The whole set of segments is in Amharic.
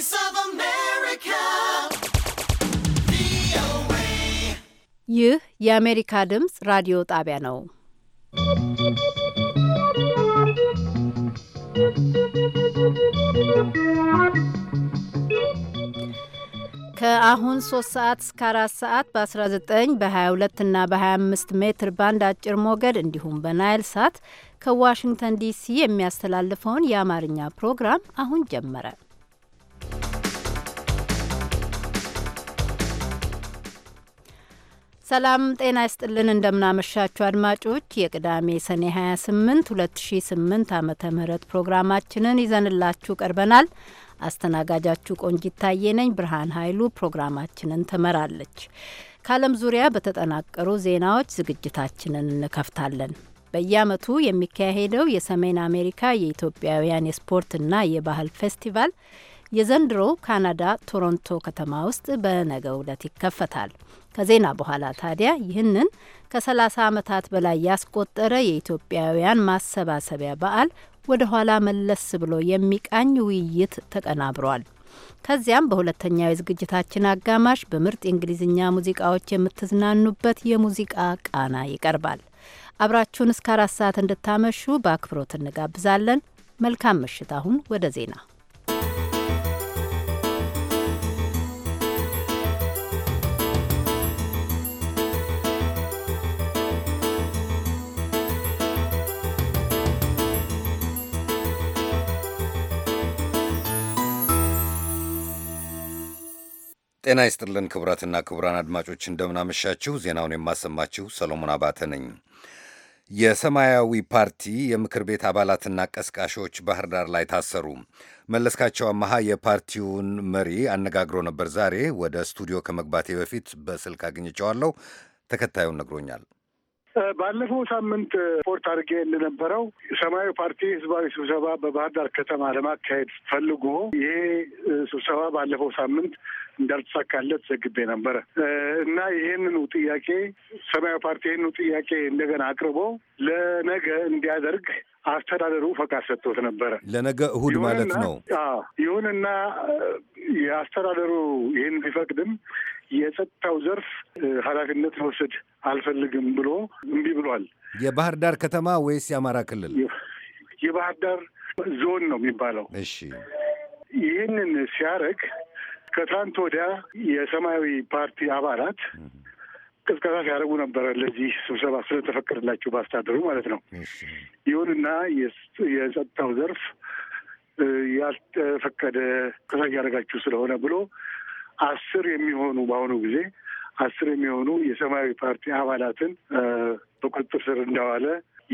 Voice of America. ይህ የአሜሪካ ድምፅ ራዲዮ ጣቢያ ነው። ከአሁን 3 ሰዓት እስከ 4 ሰዓት በ19 በ22 እና በ25 ሜትር ባንድ አጭር ሞገድ እንዲሁም በናይል ሳት ከዋሽንግተን ዲሲ የሚያስተላልፈውን የአማርኛ ፕሮግራም አሁን ጀመረ። ሰላም ጤና ይስጥልን። እንደምናመሻችሁ አድማጮች የቅዳሜ ሰኔ 28 2008 ዓ ም ፕሮግራማችንን ይዘንላችሁ ቀርበናል። አስተናጋጃችሁ ቆንጂት ታዬ ነኝ። ብርሃን ኃይሉ ፕሮግራማችንን ትመራለች። ከዓለም ዙሪያ በተጠናቀሩ ዜናዎች ዝግጅታችንን እንከፍታለን። በየዓመቱ የሚካሄደው የሰሜን አሜሪካ የኢትዮጵያውያን የስፖርትና የባህል ፌስቲቫል የዘንድሮ ካናዳ ቶሮንቶ ከተማ ውስጥ በነገው ዕለት ይከፈታል። ከዜና በኋላ ታዲያ ይህንን ከ30 ዓመታት በላይ ያስቆጠረ የኢትዮጵያውያን ማሰባሰቢያ በዓል ወደ ኋላ መለስ ብሎ የሚቃኝ ውይይት ተቀናብሯል። ከዚያም በሁለተኛው የዝግጅታችን አጋማሽ በምርጥ የእንግሊዝኛ ሙዚቃዎች የምትዝናኑበት የሙዚቃ ቃና ይቀርባል። አብራችሁን እስከ አራት ሰዓት እንድታመሹ በአክብሮት እንጋብዛለን። መልካም ምሽት። አሁን ወደ ዜና ጤና ይስጥልን ክቡራትና ክቡራን አድማጮች እንደምናመሻችሁ። ዜናውን የማሰማችሁ ሰሎሞን አባተ ነኝ። የሰማያዊ ፓርቲ የምክር ቤት አባላትና ቀስቃሾች ባህር ዳር ላይ ታሰሩ። መለስካቸው አመሃ የፓርቲውን መሪ አነጋግሮ ነበር። ዛሬ ወደ ስቱዲዮ ከመግባቴ በፊት በስልክ አግኝቸዋለሁ። ተከታዩን ነግሮኛል። ባለፈው ሳምንት ፖርት አድርጌ እንደነበረው ሰማያዊ ፓርቲ ህዝባዊ ስብሰባ በባህር ዳር ከተማ ለማካሄድ ፈልጎ ይሄ ስብሰባ ባለፈው ሳምንት እንዳልተሳካለት ዘግቤ ነበረ እና ይህንኑ ጥያቄ ሰማያዊ ፓርቲ ይህንኑ ጥያቄ እንደገና አቅርቦ ለነገ እንዲያደርግ አስተዳደሩ ፈቃድ ሰጥቶት ነበረ ለነገ እሁድ ማለት ነው። ይሁንና የአስተዳደሩ ይህን ቢፈቅድም የጸጥታው ዘርፍ ኃላፊነት መውሰድ አልፈልግም ብሎ እምቢ ብሏል። የባህር ዳር ከተማ ወይስ የአማራ ክልል? የባህር ዳር ዞን ነው የሚባለው። እሺ ይህንን ሲያደርግ ከትናንት ወዲያ የሰማያዊ ፓርቲ አባላት ቅስቀሳ ሲያደርጉ ነበረ፣ ለዚህ ስብሰባ ስለተፈቀደላቸው በአስተዳደሩ ማለት ነው። ይሁንና የጸጥታው ዘርፍ ያልተፈቀደ ቅስቀሳ እያደረጋችሁ ስለሆነ ብሎ አስር የሚሆኑ በአሁኑ ጊዜ አስር የሚሆኑ የሰማያዊ ፓርቲ አባላትን በቁጥጥር ስር እንዳዋለ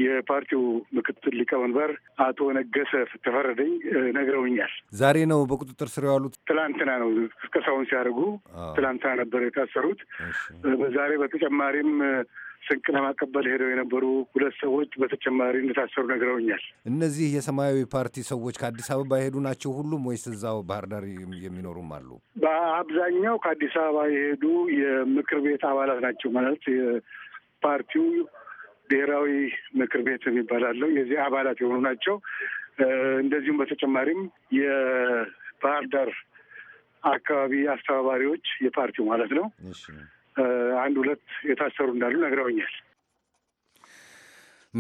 የፓርቲው ምክትል ሊቀመንበር አቶ ነገሰ ተፈረደኝ ነግረውኛል። ዛሬ ነው በቁጥጥር ስር የዋሉት? ትላንትና ነው ቅስቀሳውን ሲያደርጉ ትላንትና ነበር የታሰሩት። ዛሬ በተጨማሪም ስንቅ ለማቀበል ሄደው የነበሩ ሁለት ሰዎች በተጨማሪ እንደታሰሩ ነግረውኛል። እነዚህ የሰማያዊ ፓርቲ ሰዎች ከአዲስ አበባ የሄዱ ናቸው ሁሉም ወይስ እዛው ባህር ዳር የሚኖሩም አሉ? በአብዛኛው ከአዲስ አበባ የሄዱ የምክር ቤት አባላት ናቸው ማለት ፓርቲው ብሔራዊ ምክር ቤት የሚባል አለው። የዚህ አባላት የሆኑ ናቸው። እንደዚሁም በተጨማሪም የባህር ዳር አካባቢ አስተባባሪዎች የፓርቲው ማለት ነው አንድ ሁለት የታሰሩ እንዳሉ ነግረውኛል።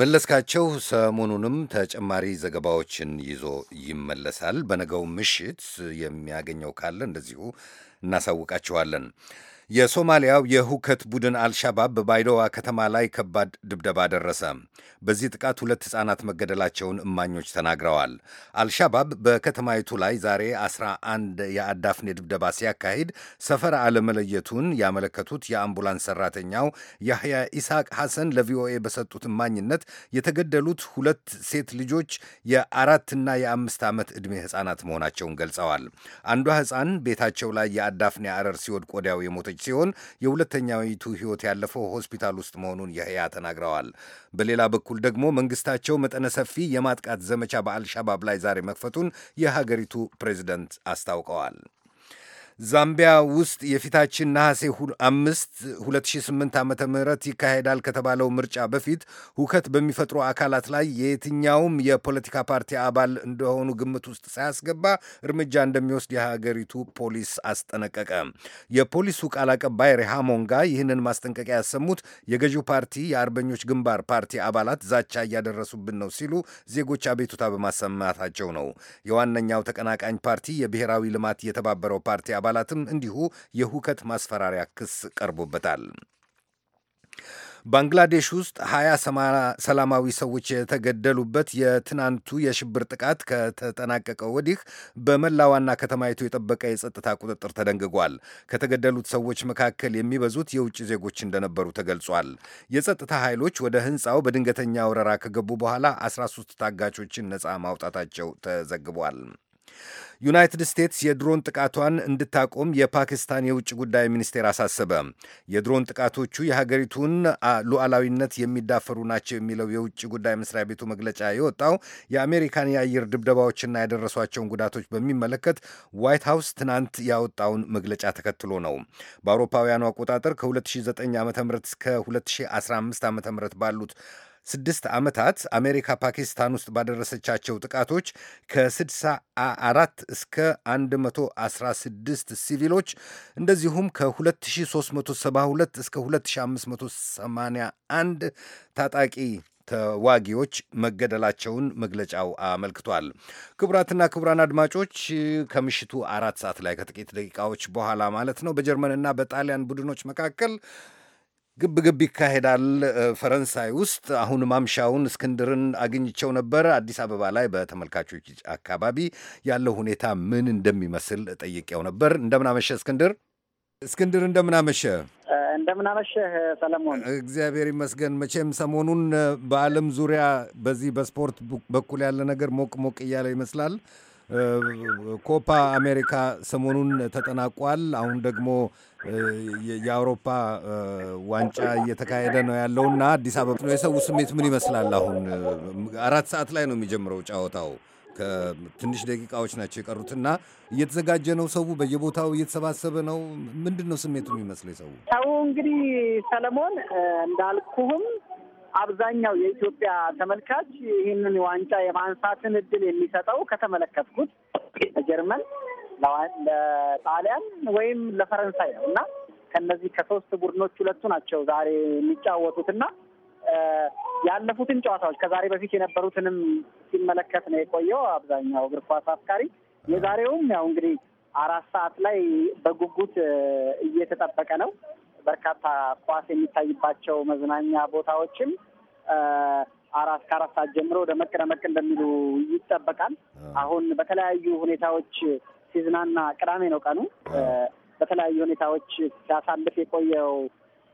መለስካቸው ሰሞኑንም ተጨማሪ ዘገባዎችን ይዞ ይመለሳል። በነገው ምሽት የሚያገኘው ካለ እንደዚሁ እናሳውቃችኋለን። የሶማሊያው የሁከት ቡድን አልሻባብ በባይዶዋ ከተማ ላይ ከባድ ድብደባ ደረሰ። በዚህ ጥቃት ሁለት ሕፃናት መገደላቸውን እማኞች ተናግረዋል። አልሻባብ በከተማይቱ ላይ ዛሬ 11 የአዳፍኔ ድብደባ ሲያካሂድ ሰፈር አለመለየቱን ያመለከቱት የአምቡላንስ ሰራተኛው ያህያ ኢስሐቅ ሐሰን ለቪኦኤ በሰጡት እማኝነት የተገደሉት ሁለት ሴት ልጆች የአራትና የአምስት ዓመት ዕድሜ ሕፃናት መሆናቸውን ገልጸዋል። አንዷ ሕፃን ቤታቸው ላይ የአዳፍኔ አረር ሲወድቅ ወዲያው የሞተ የተገደለች ሲሆን የሁለተኛዊቱ ሕይወት ያለፈው ሆስፒታል ውስጥ መሆኑን የህያ ተናግረዋል። በሌላ በኩል ደግሞ መንግስታቸው መጠነ ሰፊ የማጥቃት ዘመቻ በአልሻባብ ላይ ዛሬ መክፈቱን የሀገሪቱ ፕሬዚደንት አስታውቀዋል። ዛምቢያ ውስጥ የፊታችን ነሐሴ 5 2008 ዓ ም ይካሄዳል ከተባለው ምርጫ በፊት ሁከት በሚፈጥሩ አካላት ላይ የየትኛውም የፖለቲካ ፓርቲ አባል እንደሆኑ ግምት ውስጥ ሳያስገባ እርምጃ እንደሚወስድ የሀገሪቱ ፖሊስ አስጠነቀቀ። የፖሊሱ ቃል አቀባይ ሬሃሞንጋ ይህንን ማስጠንቀቂያ ያሰሙት የገዢው ፓርቲ የአርበኞች ግንባር ፓርቲ አባላት ዛቻ እያደረሱብን ነው ሲሉ ዜጎች አቤቱታ በማሰማታቸው ነው። የዋነኛው ተቀናቃኝ ፓርቲ የብሔራዊ ልማት የተባበረው ፓርቲ አባላትም እንዲሁ የሁከት ማስፈራሪያ ክስ ቀርቦበታል። ባንግላዴሽ ውስጥ ሀያ ሰላማዊ ሰዎች የተገደሉበት የትናንቱ የሽብር ጥቃት ከተጠናቀቀ ወዲህ በመላ ዋና ከተማይቱ የጠበቀ የጸጥታ ቁጥጥር ተደንግጓል። ከተገደሉት ሰዎች መካከል የሚበዙት የውጭ ዜጎች እንደነበሩ ተገልጿል። የጸጥታ ኃይሎች ወደ ሕንፃው በድንገተኛ ወረራ ከገቡ በኋላ 13 ታጋቾችን ነፃ ማውጣታቸው ተዘግቧል። ዩናይትድ ስቴትስ የድሮን ጥቃቷን እንድታቆም የፓኪስታን የውጭ ጉዳይ ሚኒስቴር አሳሰበ። የድሮን ጥቃቶቹ የሀገሪቱን ሉዓላዊነት የሚዳፈሩ ናቸው የሚለው የውጭ ጉዳይ መስሪያ ቤቱ መግለጫ የወጣው የአሜሪካን የአየር ድብደባዎችና ያደረሷቸውን ጉዳቶች በሚመለከት ዋይት ሀውስ ትናንት ያወጣውን መግለጫ ተከትሎ ነው። በአውሮፓውያኑ አቆጣጠር ከ2009 ዓ ም እስከ 2015 ዓ ም ባሉት ስድስት ዓመታት አሜሪካ ፓኪስታን ውስጥ ባደረሰቻቸው ጥቃቶች ከ64 እስከ 116 ሲቪሎች እንደዚሁም ከ2372 እስከ 2581 ታጣቂ ተዋጊዎች መገደላቸውን መግለጫው አመልክቷል። ክቡራትና ክቡራን አድማጮች ከምሽቱ አራት ሰዓት ላይ ከጥቂት ደቂቃዎች በኋላ ማለት ነው በጀርመንና በጣሊያን ቡድኖች መካከል ግብ ግብ ይካሄዳል ፈረንሳይ ውስጥ። አሁን ማምሻውን እስክንድርን አግኝቸው ነበር። አዲስ አበባ ላይ በተመልካቾች አካባቢ ያለው ሁኔታ ምን እንደሚመስል ጠይቄው ነበር። እንደምናመሸ እስክንድር። እስክንድር እንደምናመሸ እንደምናመሸህ ሰለሞን። እግዚአብሔር ይመስገን። መቼም ሰሞኑን በዓለም ዙሪያ በዚህ በስፖርት በኩል ያለ ነገር ሞቅ ሞቅ እያለ ይመስላል። ኮፓ አሜሪካ ሰሞኑን ተጠናቋል። አሁን ደግሞ የአውሮፓ ዋንጫ እየተካሄደ ነው ያለው እና አዲስ አበባ ነው። የሰው ስሜት ምን ይመስላል? አሁን አራት ሰዓት ላይ ነው የሚጀምረው ጨዋታው። ከትንሽ ደቂቃዎች ናቸው የቀሩትና እየተዘጋጀ ነው። ሰው በየቦታው እየተሰባሰበ ነው። ምንድን ነው ስሜቱ የሚመስለው? ሰው ሰው እንግዲህ ሰለሞን እንዳልኩህም አብዛኛው የኢትዮጵያ ተመልካች ይህንን ዋንጫ የማንሳትን እድል የሚሰጠው ከተመለከትኩት ለጀርመን፣ ለጣሊያን ወይም ለፈረንሳይ ነው እና ከነዚህ ከሶስት ቡድኖች ሁለቱ ናቸው ዛሬ የሚጫወቱት እና ያለፉትን ጨዋታዎች ከዛሬ በፊት የነበሩትንም ሲመለከት ነው የቆየው አብዛኛው እግር ኳስ አፍቃሪ። የዛሬውም ያው እንግዲህ አራት ሰዓት ላይ በጉጉት እየተጠበቀ ነው። በርካታ ኳስ የሚታይባቸው መዝናኛ ቦታዎችም አራት ከአራት ሰዓት ጀምሮ ደመቅ ደመቅ እንደሚሉ ይጠበቃል። አሁን በተለያዩ ሁኔታዎች ሲዝናና ቅዳሜ ነው ቀኑ በተለያዩ ሁኔታዎች ሲያሳልፍ የቆየው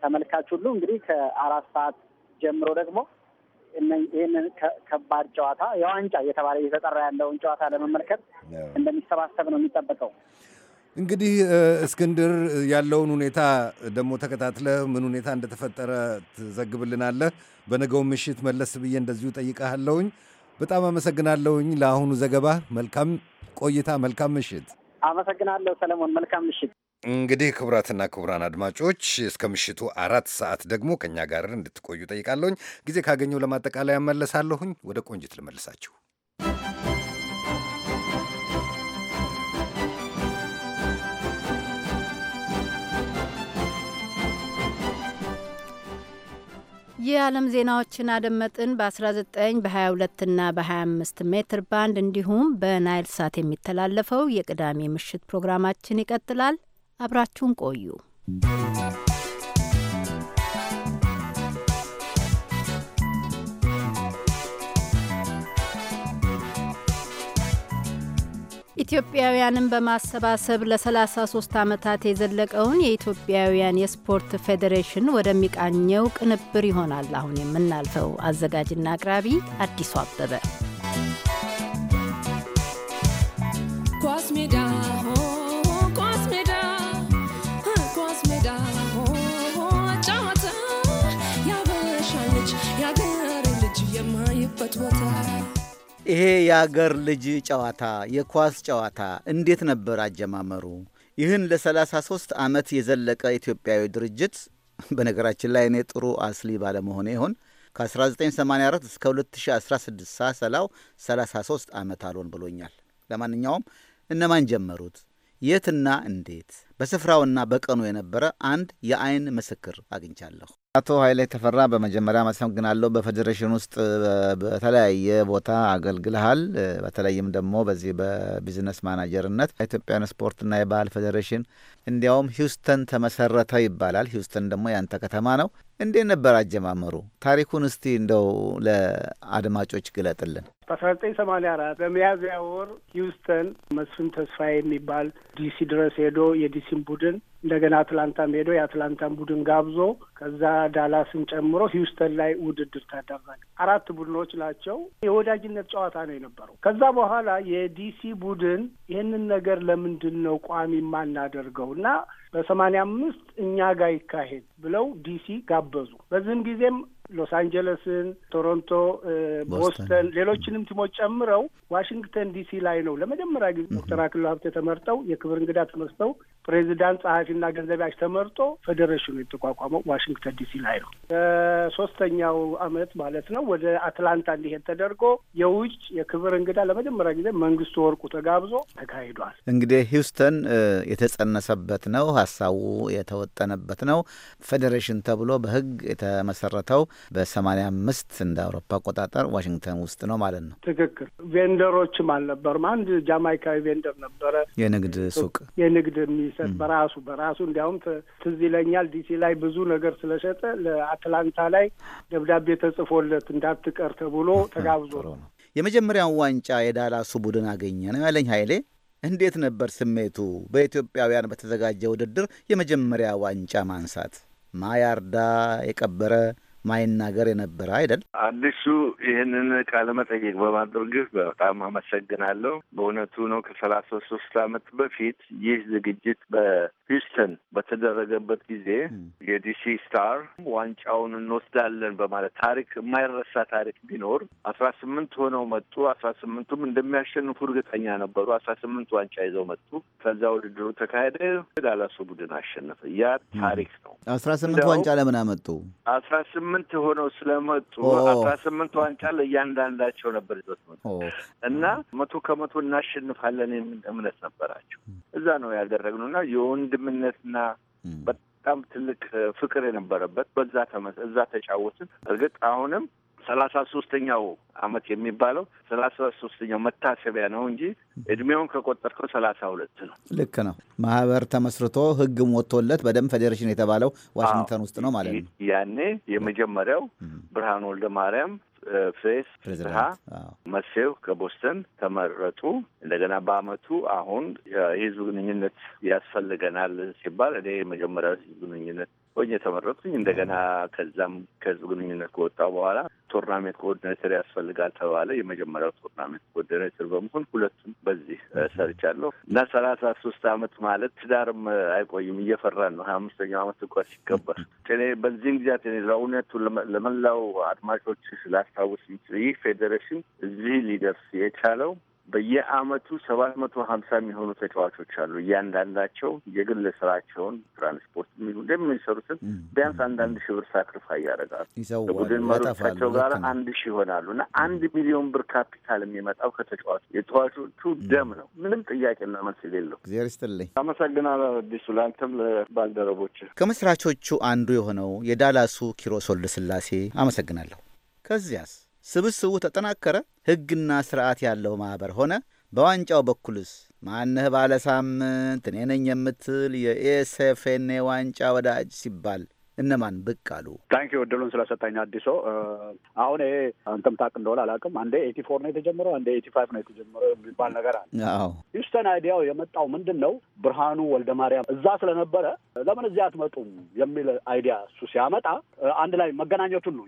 ተመልካች ሁሉ እንግዲህ ከአራት ሰዓት ጀምሮ ደግሞ ይህንን ከባድ ጨዋታ የዋንጫ እየተባለ እየተጠራ ያለውን ጨዋታ ለመመልከት እንደሚሰባሰብ ነው የሚጠበቀው። እንግዲህ እስክንድር ያለውን ሁኔታ ደግሞ ተከታትለህ ምን ሁኔታ እንደተፈጠረ ትዘግብልናለህ። በነገው ምሽት መለስ ብዬ እንደዚሁ ጠይቀሃለሁኝ። በጣም አመሰግናለሁኝ ለአሁኑ ዘገባ። መልካም ቆይታ፣ መልካም ምሽት። አመሰግናለሁ ሰለሞን፣ መልካም ምሽት። እንግዲህ ክቡራትና ክቡራን አድማጮች እስከ ምሽቱ አራት ሰዓት ደግሞ ከእኛ ጋር እንድትቆዩ ጠይቃለሁኝ። ጊዜ ካገኘው ለማጠቃለያ መለሳለሁኝ። ወደ ቆንጅት ልመልሳችሁ። የዓለም ዜናዎችን አደመጥን። በ19 በ22 እና በ25 ሜትር ባንድ እንዲሁም በናይል ሳት የሚተላለፈው የቅዳሜ ምሽት ፕሮግራማችን ይቀጥላል። አብራችሁን ቆዩ። ኢትዮጵያውያንን በማሰባሰብ ለ33 ዓመታት የዘለቀውን የኢትዮጵያውያን የስፖርት ፌዴሬሽን ወደሚቃኘው ቅንብር ይሆናል አሁን የምናልፈው። አዘጋጅና አቅራቢ አዲሱ አበበ። ኳስ ሜዳ ልጅ የማይበት ቦታ ይሄ የአገር ልጅ ጨዋታ የኳስ ጨዋታ እንዴት ነበር አጀማመሩ? ይህን ለ33 ዓመት የዘለቀ ኢትዮጵያዊ ድርጅት በነገራችን ላይ እኔ ጥሩ አስሊ ባለመሆኔ ይሆን ከ1984 እስከ 2016 ሳሰላው 33 ዓመት አልሆን ብሎኛል። ለማንኛውም እነማን ጀመሩት? የትና እንዴት? በስፍራውና በቀኑ የነበረ አንድ የአይን ምስክር አግኝቻለሁ። አቶ ኃይሌ ተፈራ በመጀመሪያ አመሰግናለሁ። በፌዴሬሽን ውስጥ በተለያየ ቦታ አገልግልሃል። በተለይም ደግሞ በዚህ በቢዝነስ ማናጀርነት ኢትዮጵያን ስፖርትና የባህል ፌዴሬሽን እንዲያውም ሂውስተን ተመሰረተ ይባላል። ሂውስተን ደግሞ ያንተ ከተማ ነው። እንዴት ነበር አጀማመሩ? ታሪኩን እስቲ እንደው ለአድማጮች ግለጥልን። በአስራ ዘጠኝ ሰማንያ አራት በሚያዝያ ወር ሂውስተን መስፍን ተስፋዬ የሚባል ዲሲ ድረስ ሄዶ የዲሲን ቡድን እንደገና አትላንታም ሄዶ የአትላንታን ቡድን ጋብዞ ከዛ ዳላስን ጨምሮ ሂውስተን ላይ ውድድር ተደረገ። አራት ቡድኖች ናቸው። የወዳጅነት ጨዋታ ነው የነበረው። ከዛ በኋላ የዲሲ ቡድን ይህንን ነገር ለምንድን ነው ቋሚ የማናደርገው እና በሰማንያ አምስት እኛ ጋር ይካሄድ ብለው ዲሲ ጋበዙ። በዚህም ጊዜም ሎስ አንጀለስን፣ ቶሮንቶ፣ ቦስተን ሌሎችንም ቲሞች ጨምረው ዋሽንግተን ዲሲ ላይ ነው ለመጀመሪያ ጊዜ ዶክተር አክሎ ሀብቴ ተመርጠው የክብር እንግዳ ተመርጠው ፕሬዚዳንት ጸሐፊና ገንዘቢያች ተመርጦ ፌዴሬሽኑ የተቋቋመው ዋሽንግተን ዲሲ ላይ ነው። በሶስተኛው አመት ማለት ነው ወደ አትላንታ እንዲሄድ ተደርጎ የውጭ የክብር እንግዳ ለመጀመሪያ ጊዜ መንግስቱ ወርቁ ተጋብዞ ተካሂዷል። እንግዲህ ሂውስተን የተጸነሰበት ነው፣ ሀሳቡ የተወጠነበት ነው። ፌዴሬሽን ተብሎ በህግ የተመሰረተው በሰማኒያ አምስት እንደ አውሮፓ አቆጣጠር ዋሽንግተን ውስጥ ነው ማለት ነው። ትክክል። ቬንደሮችም አልነበርም። አንድ ጃማይካዊ ቬንደር ነበረ፣ የንግድ ሱቅ የንግድ የሚሰጥ በራሱ በራሱ እንዲያውም ትዝ ይለኛል ዲሲ ላይ ብዙ ነገር ስለሸጠ ለአትላንታ ላይ ደብዳቤ ተጽፎለት እንዳትቀር ተብሎ ተጋብዞ ነው። የመጀመሪያውን ዋንጫ የዳላሱ ቡድን አገኘ ነው ያለኝ ኃይሌ። እንዴት ነበር ስሜቱ? በኢትዮጵያውያን በተዘጋጀ ውድድር የመጀመሪያ ዋንጫ ማንሳት ማያርዳ የቀበረ ማይናገር የነበረ አይደል? አዲሱ ይህንን ቃለ መጠየቅ በማድረግህ በጣም አመሰግናለሁ። በእውነቱ ነው ከሰላሳ ሶስት አመት በፊት ይህ ዝግጅት በሂውስተን በተደረገበት ጊዜ የዲሲ ስታር ዋንጫውን እንወስዳለን በማለት ታሪክ የማይረሳ ታሪክ ቢኖር አስራ ስምንት ሆነው መጡ። አስራ ስምንቱም እንደሚያሸንፉ እርግጠኛ ነበሩ። አስራ ስምንት ዋንጫ ይዘው መጡ። ከዛ ውድድሩ ተካሄደ። ዳላሱ ቡድን አሸነፈ። ያ ታሪክ ነው። አስራ ስምንት ዋንጫ ለምን አመጡ? አስራ ስምንት ስምንት ሆነው ስለመጡ አስራ ስምንት ዋንጫ ለእያንዳንዳቸው ነበር ይዞት እና መቶ ከመቶ እናሸንፋለን የሚል እምነት ነበራቸው። እዛ ነው ያደረግነው እና የወንድምነትና በጣም ትልቅ ፍቅር የነበረበት በዛ ተመ እዛ ተጫወትን። እርግጥ አሁንም ሰላሳ ሶስተኛው አመት የሚባለው ሰላሳ ሶስተኛው መታሰቢያ ነው እንጂ እድሜውን ከቆጠርከው ሰላሳ ሁለት ነው። ልክ ነው። ማህበር ተመስርቶ ህግም ወጥቶለት በደንብ ፌዴሬሽን የተባለው ዋሽንግተን ውስጥ ነው ማለት ነው። ያኔ የመጀመሪያው ብርሃን ወልደ ማርያም ፌስ ስርሃ መሴው ከቦስተን ተመረጡ። እንደገና በአመቱ አሁን የህዝብ ግንኙነት ያስፈልገናል ሲባል እኔ የመጀመሪያ ህዝብ ግንኙነት ሆኜ የተመረጡኝ እንደገና ከዛም ከህዝብ ግንኙነት ከወጣው በኋላ ቶርናሜንት ኮኦርዲኔተር ያስፈልጋል ተባለ። የመጀመሪያው ቶርናሜንት ኮኦርዲኔተር በመሆን ሁለቱም በዚህ ሰርቻለሁ እና ሰላሳ ሶስት አመት ማለት ትዳርም አይቆይም እየፈራን ነው። ሀያ አምስተኛው አመት እንኳን ሲከበር እኔ በዚህም ጊዜያት እኔ ለእውነቱ ለመላው አድማጮች ላስታውስ ይህ ፌዴሬሽን እዚህ ሊደርስ የቻለው በየአመቱ ሰባት መቶ ሀምሳ የሚሆኑ ተጫዋቾች አሉ። እያንዳንዳቸው የግል ስራቸውን ትራንስፖርት የሚሉ እንደሚሰሩትን ቢያንስ አንዳንድ ሺህ ብር ሳክሪፋ እያደረጋሉ ከቡድን መሪዎቻቸው ጋር አንድ ሺህ ይሆናሉ እና አንድ ሚሊዮን ብር ካፒታል የሚመጣው ከተጫዋቹ የተጫዋቾቹ ደም ነው። ምንም ጥያቄና መልስ የሌለው። እግዚአብሔር ይስጥልኝ። አመሰግናለሁ አዲሱ፣ ለአንተም ለባልደረቦች። ከመስራቾቹ አንዱ የሆነው የዳላሱ ኪሮስ ስላሴ አመሰግናለሁ። ከዚያስ ስብስቡ ተጠናከረ፣ ሕግና ስርዓት ያለው ማኅበር ሆነ። በዋንጫው በኩልስ ማንህ ባለ ሳምንት እኔ ነኝ የምትል የኤስፍኔ ዋንጫ ወዳጅ ሲባል እነማን ብቅ አሉ? ታንኪ ዕድሉን ስለሰጠኝ አዲሶ። አሁን ይሄ አንተም ታውቅ እንደሆነ አላውቅም። አንዴ ኤቲ ፎር ነው የተጀመረው፣ አንዴ ኤቲ ፋይቭ ነው የተጀመረው የሚባል ነገር አለ። አዎ ሂውስተን አይዲያው የመጣው ምንድን ነው? ብርሃኑ ወልደ ማርያም እዛ ስለነበረ ለምን እዚህ አትመጡም የሚል አይዲያ እሱ ሲያመጣ አንድ ላይ መገናኘቱን ነው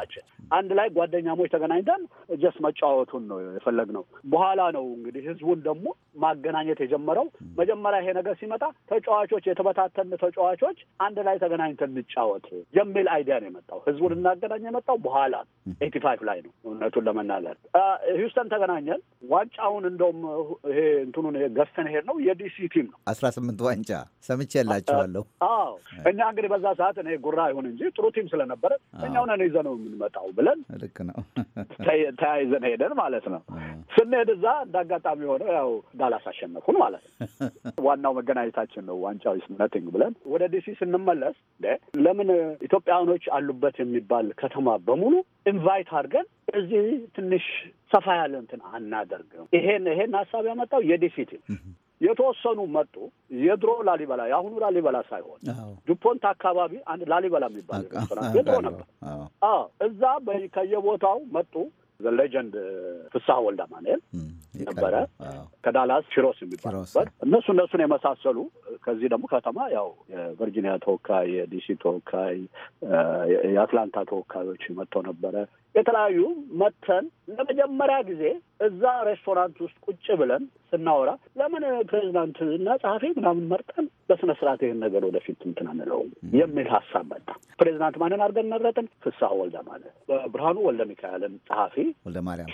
ናቸው አንድ ላይ ጓደኛሞች ተገናኝተን ጀስ መጫወቱን ነው የፈለግነው። በኋላ ነው እንግዲህ ህዝቡን ደግሞ ማገናኘት የጀመረው። መጀመሪያ ይሄ ነገር ሲመጣ ተጫዋቾች፣ የተበታተን ተጫዋቾች አንድ ላይ ተገናኝተን እንጫወት የሚል አይዲያ ነው የመጣው። ህዝቡን እናገናኝ የመጣው በኋላ ኤቲ ፋይቭ ላይ ነው እውነቱን ለመናገር ሂውስተን ተገናኘን። ዋንጫውን እንደውም ይሄ እንትኑን ገዝተን ሄድ ነው የዲሲ ቲም ነው አስራ ስምንት ዋንጫ ሰምቼ እችላለሁ። አዎ እኛ እንግዲህ በዛ ሰዓት እኔ ጉራ ይሁን እንጂ ጥሩ ቲም ስለነበረ እኛ ነን ይዘ ነው የምንመጣው ብለን ልክ ነው ተያይዘን ሄደን ማለት ነው። ስንሄድ እዛ እንዳጋጣሚ አጋጣሚ ያው ዳላስ አሸነፉን ማለት ነው። ዋናው መገናኘታችን ነው። ዋንጫው ኢስ ነቲንግ ብለን ወደ ዲሲ ስንመለስ ለምን ኢትዮጵያውያኖች አሉበት የሚባል ከተማ በሙሉ ኢንቫይት አድርገን እዚህ ትንሽ ሰፋ ያለ እንትን አናደርግም። ይሄን ይሄን ሀሳብ ያመጣው የዲሲ ቲም የተወሰኑ መጡ። የድሮ ላሊበላ የአሁኑ ላሊበላ ሳይሆን ዱፖንት አካባቢ አንድ ላሊበላ የሚባል የድሮ ነበር። እዛ ከየቦታው መጡ። ዘ ሌጀንድ ፍስሐ ወልደ ማንኤል ነበረ ከዳላስ ሽሮስ የሚባል እነሱ እነሱን የመሳሰሉ ከዚህ ደግሞ ከተማ ያው የቨርጂኒያ ተወካይ፣ የዲሲ ተወካይ፣ የአትላንታ ተወካዮች መጥተው ነበረ። የተለያዩ መጥተን ለመጀመሪያ ጊዜ እዛ ሬስቶራንት ውስጥ ቁጭ ብለን ስናወራ ለምን እና ጸሐፊ ምናምን መርጠን በስነ ስርዓት ይህን ነገር ወደፊት እንትን አንለውም የሚል ሀሳብ መጣ። ፕሬዚዳንት ማንን አድርገን መረጥን? ፍስሐ ወልደ ማለት ብርሃኑ ወልደ ሚካኤልን ጸሐፊ፣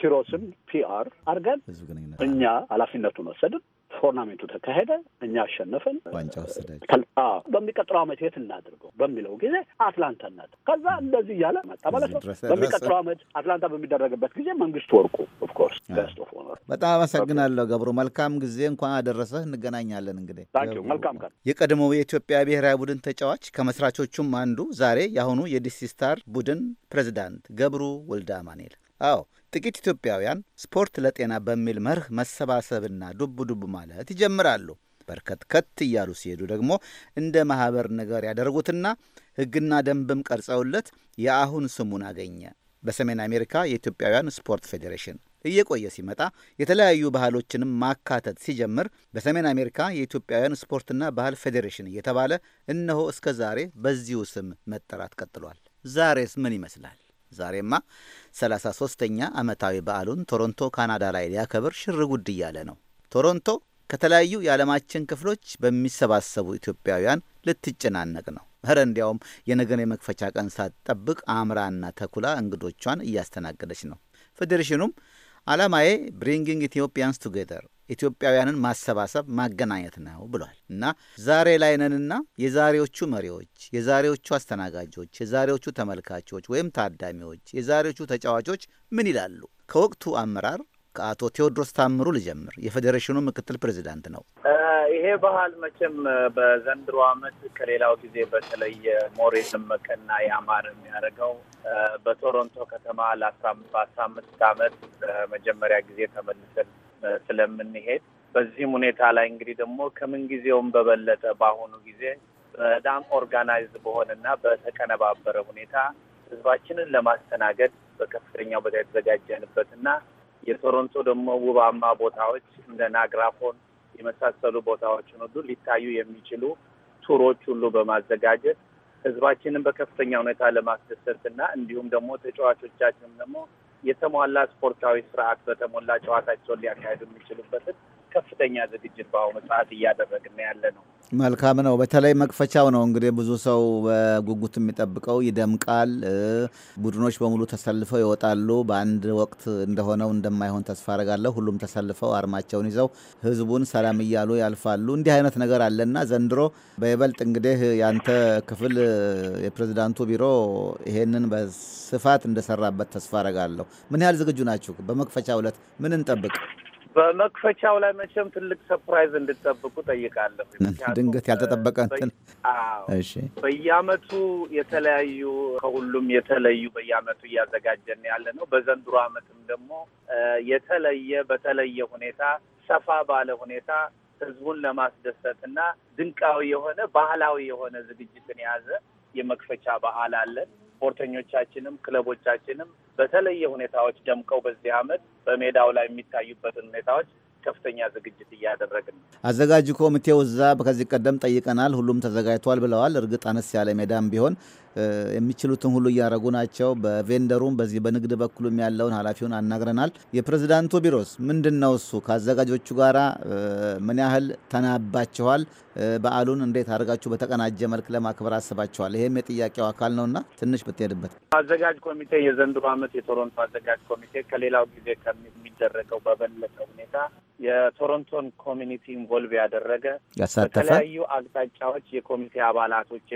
ኪሮስን ፒአር አድርገን ግንኙነት እኛ ኃላፊነቱን ወሰድን። ቶርናሜንቱ ተካሄደ። እኛ አሸነፍን። ዋንጫ ወሰደ። በሚቀጥለው ዓመት የት እናድርገው በሚለው ጊዜ አትላንታ እናድርግ። ከዛ እንደዚህ እያለ መጣ ማለት ነው። በሚቀጥለው ዓመት አትላንታ በሚደረግበት ጊዜ መንግስቱ ወርቁ ኦፍኮርስ ኦፍ በጣም አመሰግናለሁ ገብሩ። መልካም ጊዜ፣ እንኳን አደረሰህ። እንገናኛለን እንግዲህ። መልካም ቀን። የቀድሞው የኢትዮጵያ ብሔራዊ ቡድን ተጫዋች ከመስራቾቹም አንዱ ዛሬ የአሁኑ የዲሲ ስታር ቡድን ፕሬዚዳንት ገብሩ ወልደ አማኑኤል። አዎ ጥቂት ኢትዮጵያውያን ስፖርት ለጤና በሚል መርህ መሰባሰብና ዱብ ዱብ ማለት ይጀምራሉ። በርከትከት እያሉ ሲሄዱ ደግሞ እንደ ማህበር ነገር ያደርጉትና ሕግና ደንብም ቀርጸውለት የአሁን ስሙን አገኘ። በሰሜን አሜሪካ የኢትዮጵያውያን ስፖርት ፌዴሬሽን እየቆየ ሲመጣ የተለያዩ ባህሎችንም ማካተት ሲጀምር በሰሜን አሜሪካ የኢትዮጵያውያን ስፖርትና ባህል ፌዴሬሽን እየተባለ እነሆ እስከ ዛሬ በዚሁ ስም መጠራት ቀጥሏል። ዛሬስ ምን ይመስላል? ዛሬማ 33ኛ ዓመታዊ በዓሉን ቶሮንቶ ካናዳ ላይ ሊያከብር ሽር ጉድ እያለ ነው። ቶሮንቶ ከተለያዩ የዓለማችን ክፍሎች በሚሰባሰቡ ኢትዮጵያውያን ልትጨናነቅ ነው። ኸረ እንዲያውም የነገን የመክፈቻ ቀን ሳትጠብቅ አምራና ተኩላ እንግዶቿን እያስተናገደች ነው። ፌዴሬሽኑም ዓላማዬ ብሪንጊንግ ኢትዮጵያንስ ቱጌደር ኢትዮጵያውያንን ማሰባሰብ ማገናኘት ነው ብሏል። እና ዛሬ ላይ ነንና የዛሬዎቹ መሪዎች፣ የዛሬዎቹ አስተናጋጆች፣ የዛሬዎቹ ተመልካቾች ወይም ታዳሚዎች፣ የዛሬዎቹ ተጫዋቾች ምን ይላሉ? ከወቅቱ አመራር ከአቶ ቴዎድሮስ ታምሩ ልጀምር። የፌዴሬሽኑ ምክትል ፕሬዚዳንት ነው። ይሄ ባህል መቼም በዘንድሮ ዓመት ከሌላው ጊዜ በተለየ ሞር የደመቀና የአማር የሚያደርገው በቶሮንቶ ከተማ ለአስራ አምስት ዓመት መጀመሪያ ጊዜ ተመልሰን ስለምንሄድ በዚህም ሁኔታ ላይ እንግዲህ ደግሞ ከምን ጊዜውም በበለጠ በአሁኑ ጊዜ በጣም ኦርጋናይዝ በሆነና በተቀነባበረ ሁኔታ ህዝባችንን ለማስተናገድ በከፍተኛው የተዘጋጀንበትና የቶሮንቶ ደግሞ ውባማ ቦታዎች እንደ ናግራፎን የመሳሰሉ ቦታዎችን ሁሉ ሊታዩ የሚችሉ ቱሮች ሁሉ በማዘጋጀት ህዝባችንን በከፍተኛ ሁኔታ ለማስደሰት እና እንዲሁም ደግሞ ተጫዋቾቻችንም ደግሞ የተሟላ ስፖርታዊ ስርዓት በተሞላ ጨዋታቸውን ሊያካሄዱ የሚችሉበትን ከፍተኛ ዝግጅት በአሁኑ ሰዓት እያደረግን ያለ ነው። መልካም ነው። በተለይ መክፈቻው ነው እንግዲህ ብዙ ሰው በጉጉት የሚጠብቀው ይደምቃል። ቡድኖች በሙሉ ተሰልፈው ይወጣሉ። በአንድ ወቅት እንደሆነው እንደማይሆን ተስፋ አረጋለሁ። ሁሉም ተሰልፈው አርማቸውን ይዘው ህዝቡን ሰላም እያሉ ያልፋሉ። እንዲህ አይነት ነገር አለና ዘንድሮ በይበልጥ እንግዲህ ያንተ ክፍል የፕሬዚዳንቱ ቢሮ ይሄንን በስፋት እንደሰራበት ተስፋ አረጋለሁ። ምን ያህል ዝግጁ ናችሁ? በመክፈቻ ዕለት ምን እንጠብቅ? በመክፈቻው ላይ መቼም ትልቅ ሰፕራይዝ እንድጠብቁ ጠይቃለሁ። ድንገት ያልተጠበቀ እንትን። እሺ፣ በየአመቱ የተለያዩ ከሁሉም የተለዩ በየአመቱ እያዘጋጀን ያለ ነው። በዘንድሮ አመትም ደግሞ የተለየ በተለየ ሁኔታ ሰፋ ባለ ሁኔታ ህዝቡን ለማስደሰት እና ድንቃዊ የሆነ ባህላዊ የሆነ ዝግጅትን የያዘ የመክፈቻ በዓል አለን። ስፖርተኞቻችንም ክለቦቻችንም በተለየ ሁኔታዎች ደምቀው በዚህ አመት በሜዳው ላይ የሚታዩበትን ሁኔታዎች ከፍተኛ ዝግጅት እያደረግን ነው። አዘጋጅ ኮሚቴው እዛ ከዚህ ቀደም ጠይቀናል። ሁሉም ተዘጋጅቷል ብለዋል። እርግጥ አነስ ያለ ሜዳም ቢሆን የሚችሉትን ሁሉ እያደረጉ ናቸው። በቬንደሩም በዚህ በንግድ በኩልም ያለውን ኃላፊውን አናግረናል። የፕሬዚዳንቱ ቢሮስ ምንድን ነው እሱ ከአዘጋጆቹ ጋራ ምን ያህል ተናባችኋል? በዓሉን እንዴት አድርጋችሁ በተቀናጀ መልክ ለማክበር አስባችኋል? ይሄም የጥያቄው አካል ነውና ትንሽ ብትሄድበት። አዘጋጅ ኮሚቴ የዘንድሮ ዓመት የቶሮንቶ አዘጋጅ ኮሚቴ ከሌላው ጊዜ ከሚደረገው በበለጠ ሁኔታ የቶሮንቶን ኮሚኒቲ ኢንቮልቭ ያደረገ በተለያዩ አቅጣጫዎች የኮሚቴ አባላቶች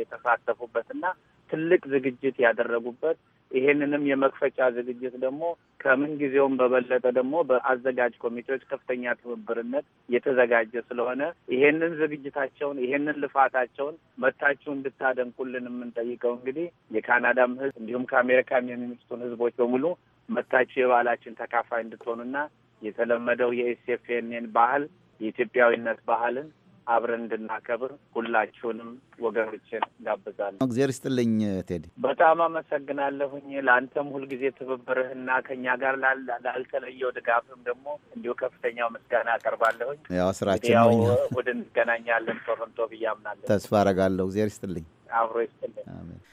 የተሳተፉበትና እና ትልቅ ዝግጅት ያደረጉበት ይሄንንም የመክፈቻ ዝግጅት ደግሞ ከምን ጊዜውም በበለጠ ደግሞ በአዘጋጅ ኮሚቴዎች ከፍተኛ ትብብርነት የተዘጋጀ ስለሆነ ይሄንን ዝግጅታቸውን ይሄንን ልፋታቸውን መታችሁ እንድታደንቁልን የምንጠይቀው እንግዲህ የካናዳም ሕዝብ እንዲሁም ከአሜሪካም የሚመጡትን ሕዝቦች በሙሉ መታችሁ የባህላችን ተካፋይ እንድትሆኑና የተለመደው የኤስኤፍኤንን ባህል የኢትዮጵያዊነት ባህልን አብረን እንድናከብር ሁላችሁንም ወገኖችን ጋብዛለሁ። እግዜር ይስጥልኝ ቴዲ፣ በጣም አመሰግናለሁኝ። ለአንተም ሁልጊዜ ትብብርህና ከእኛ ጋር ላልተለየው ድጋፍም ደግሞ እንዲሁ ከፍተኛው ምስጋና አቀርባለሁኝ። ያው ስራችን ነው። ወደ እንገናኛለን ቶሮንቶ ብዬ አምናለሁ፣ ተስፋ አረጋለሁ። እግዜር ይስጥልኝ፣ አብሮ ይስጥልኝ።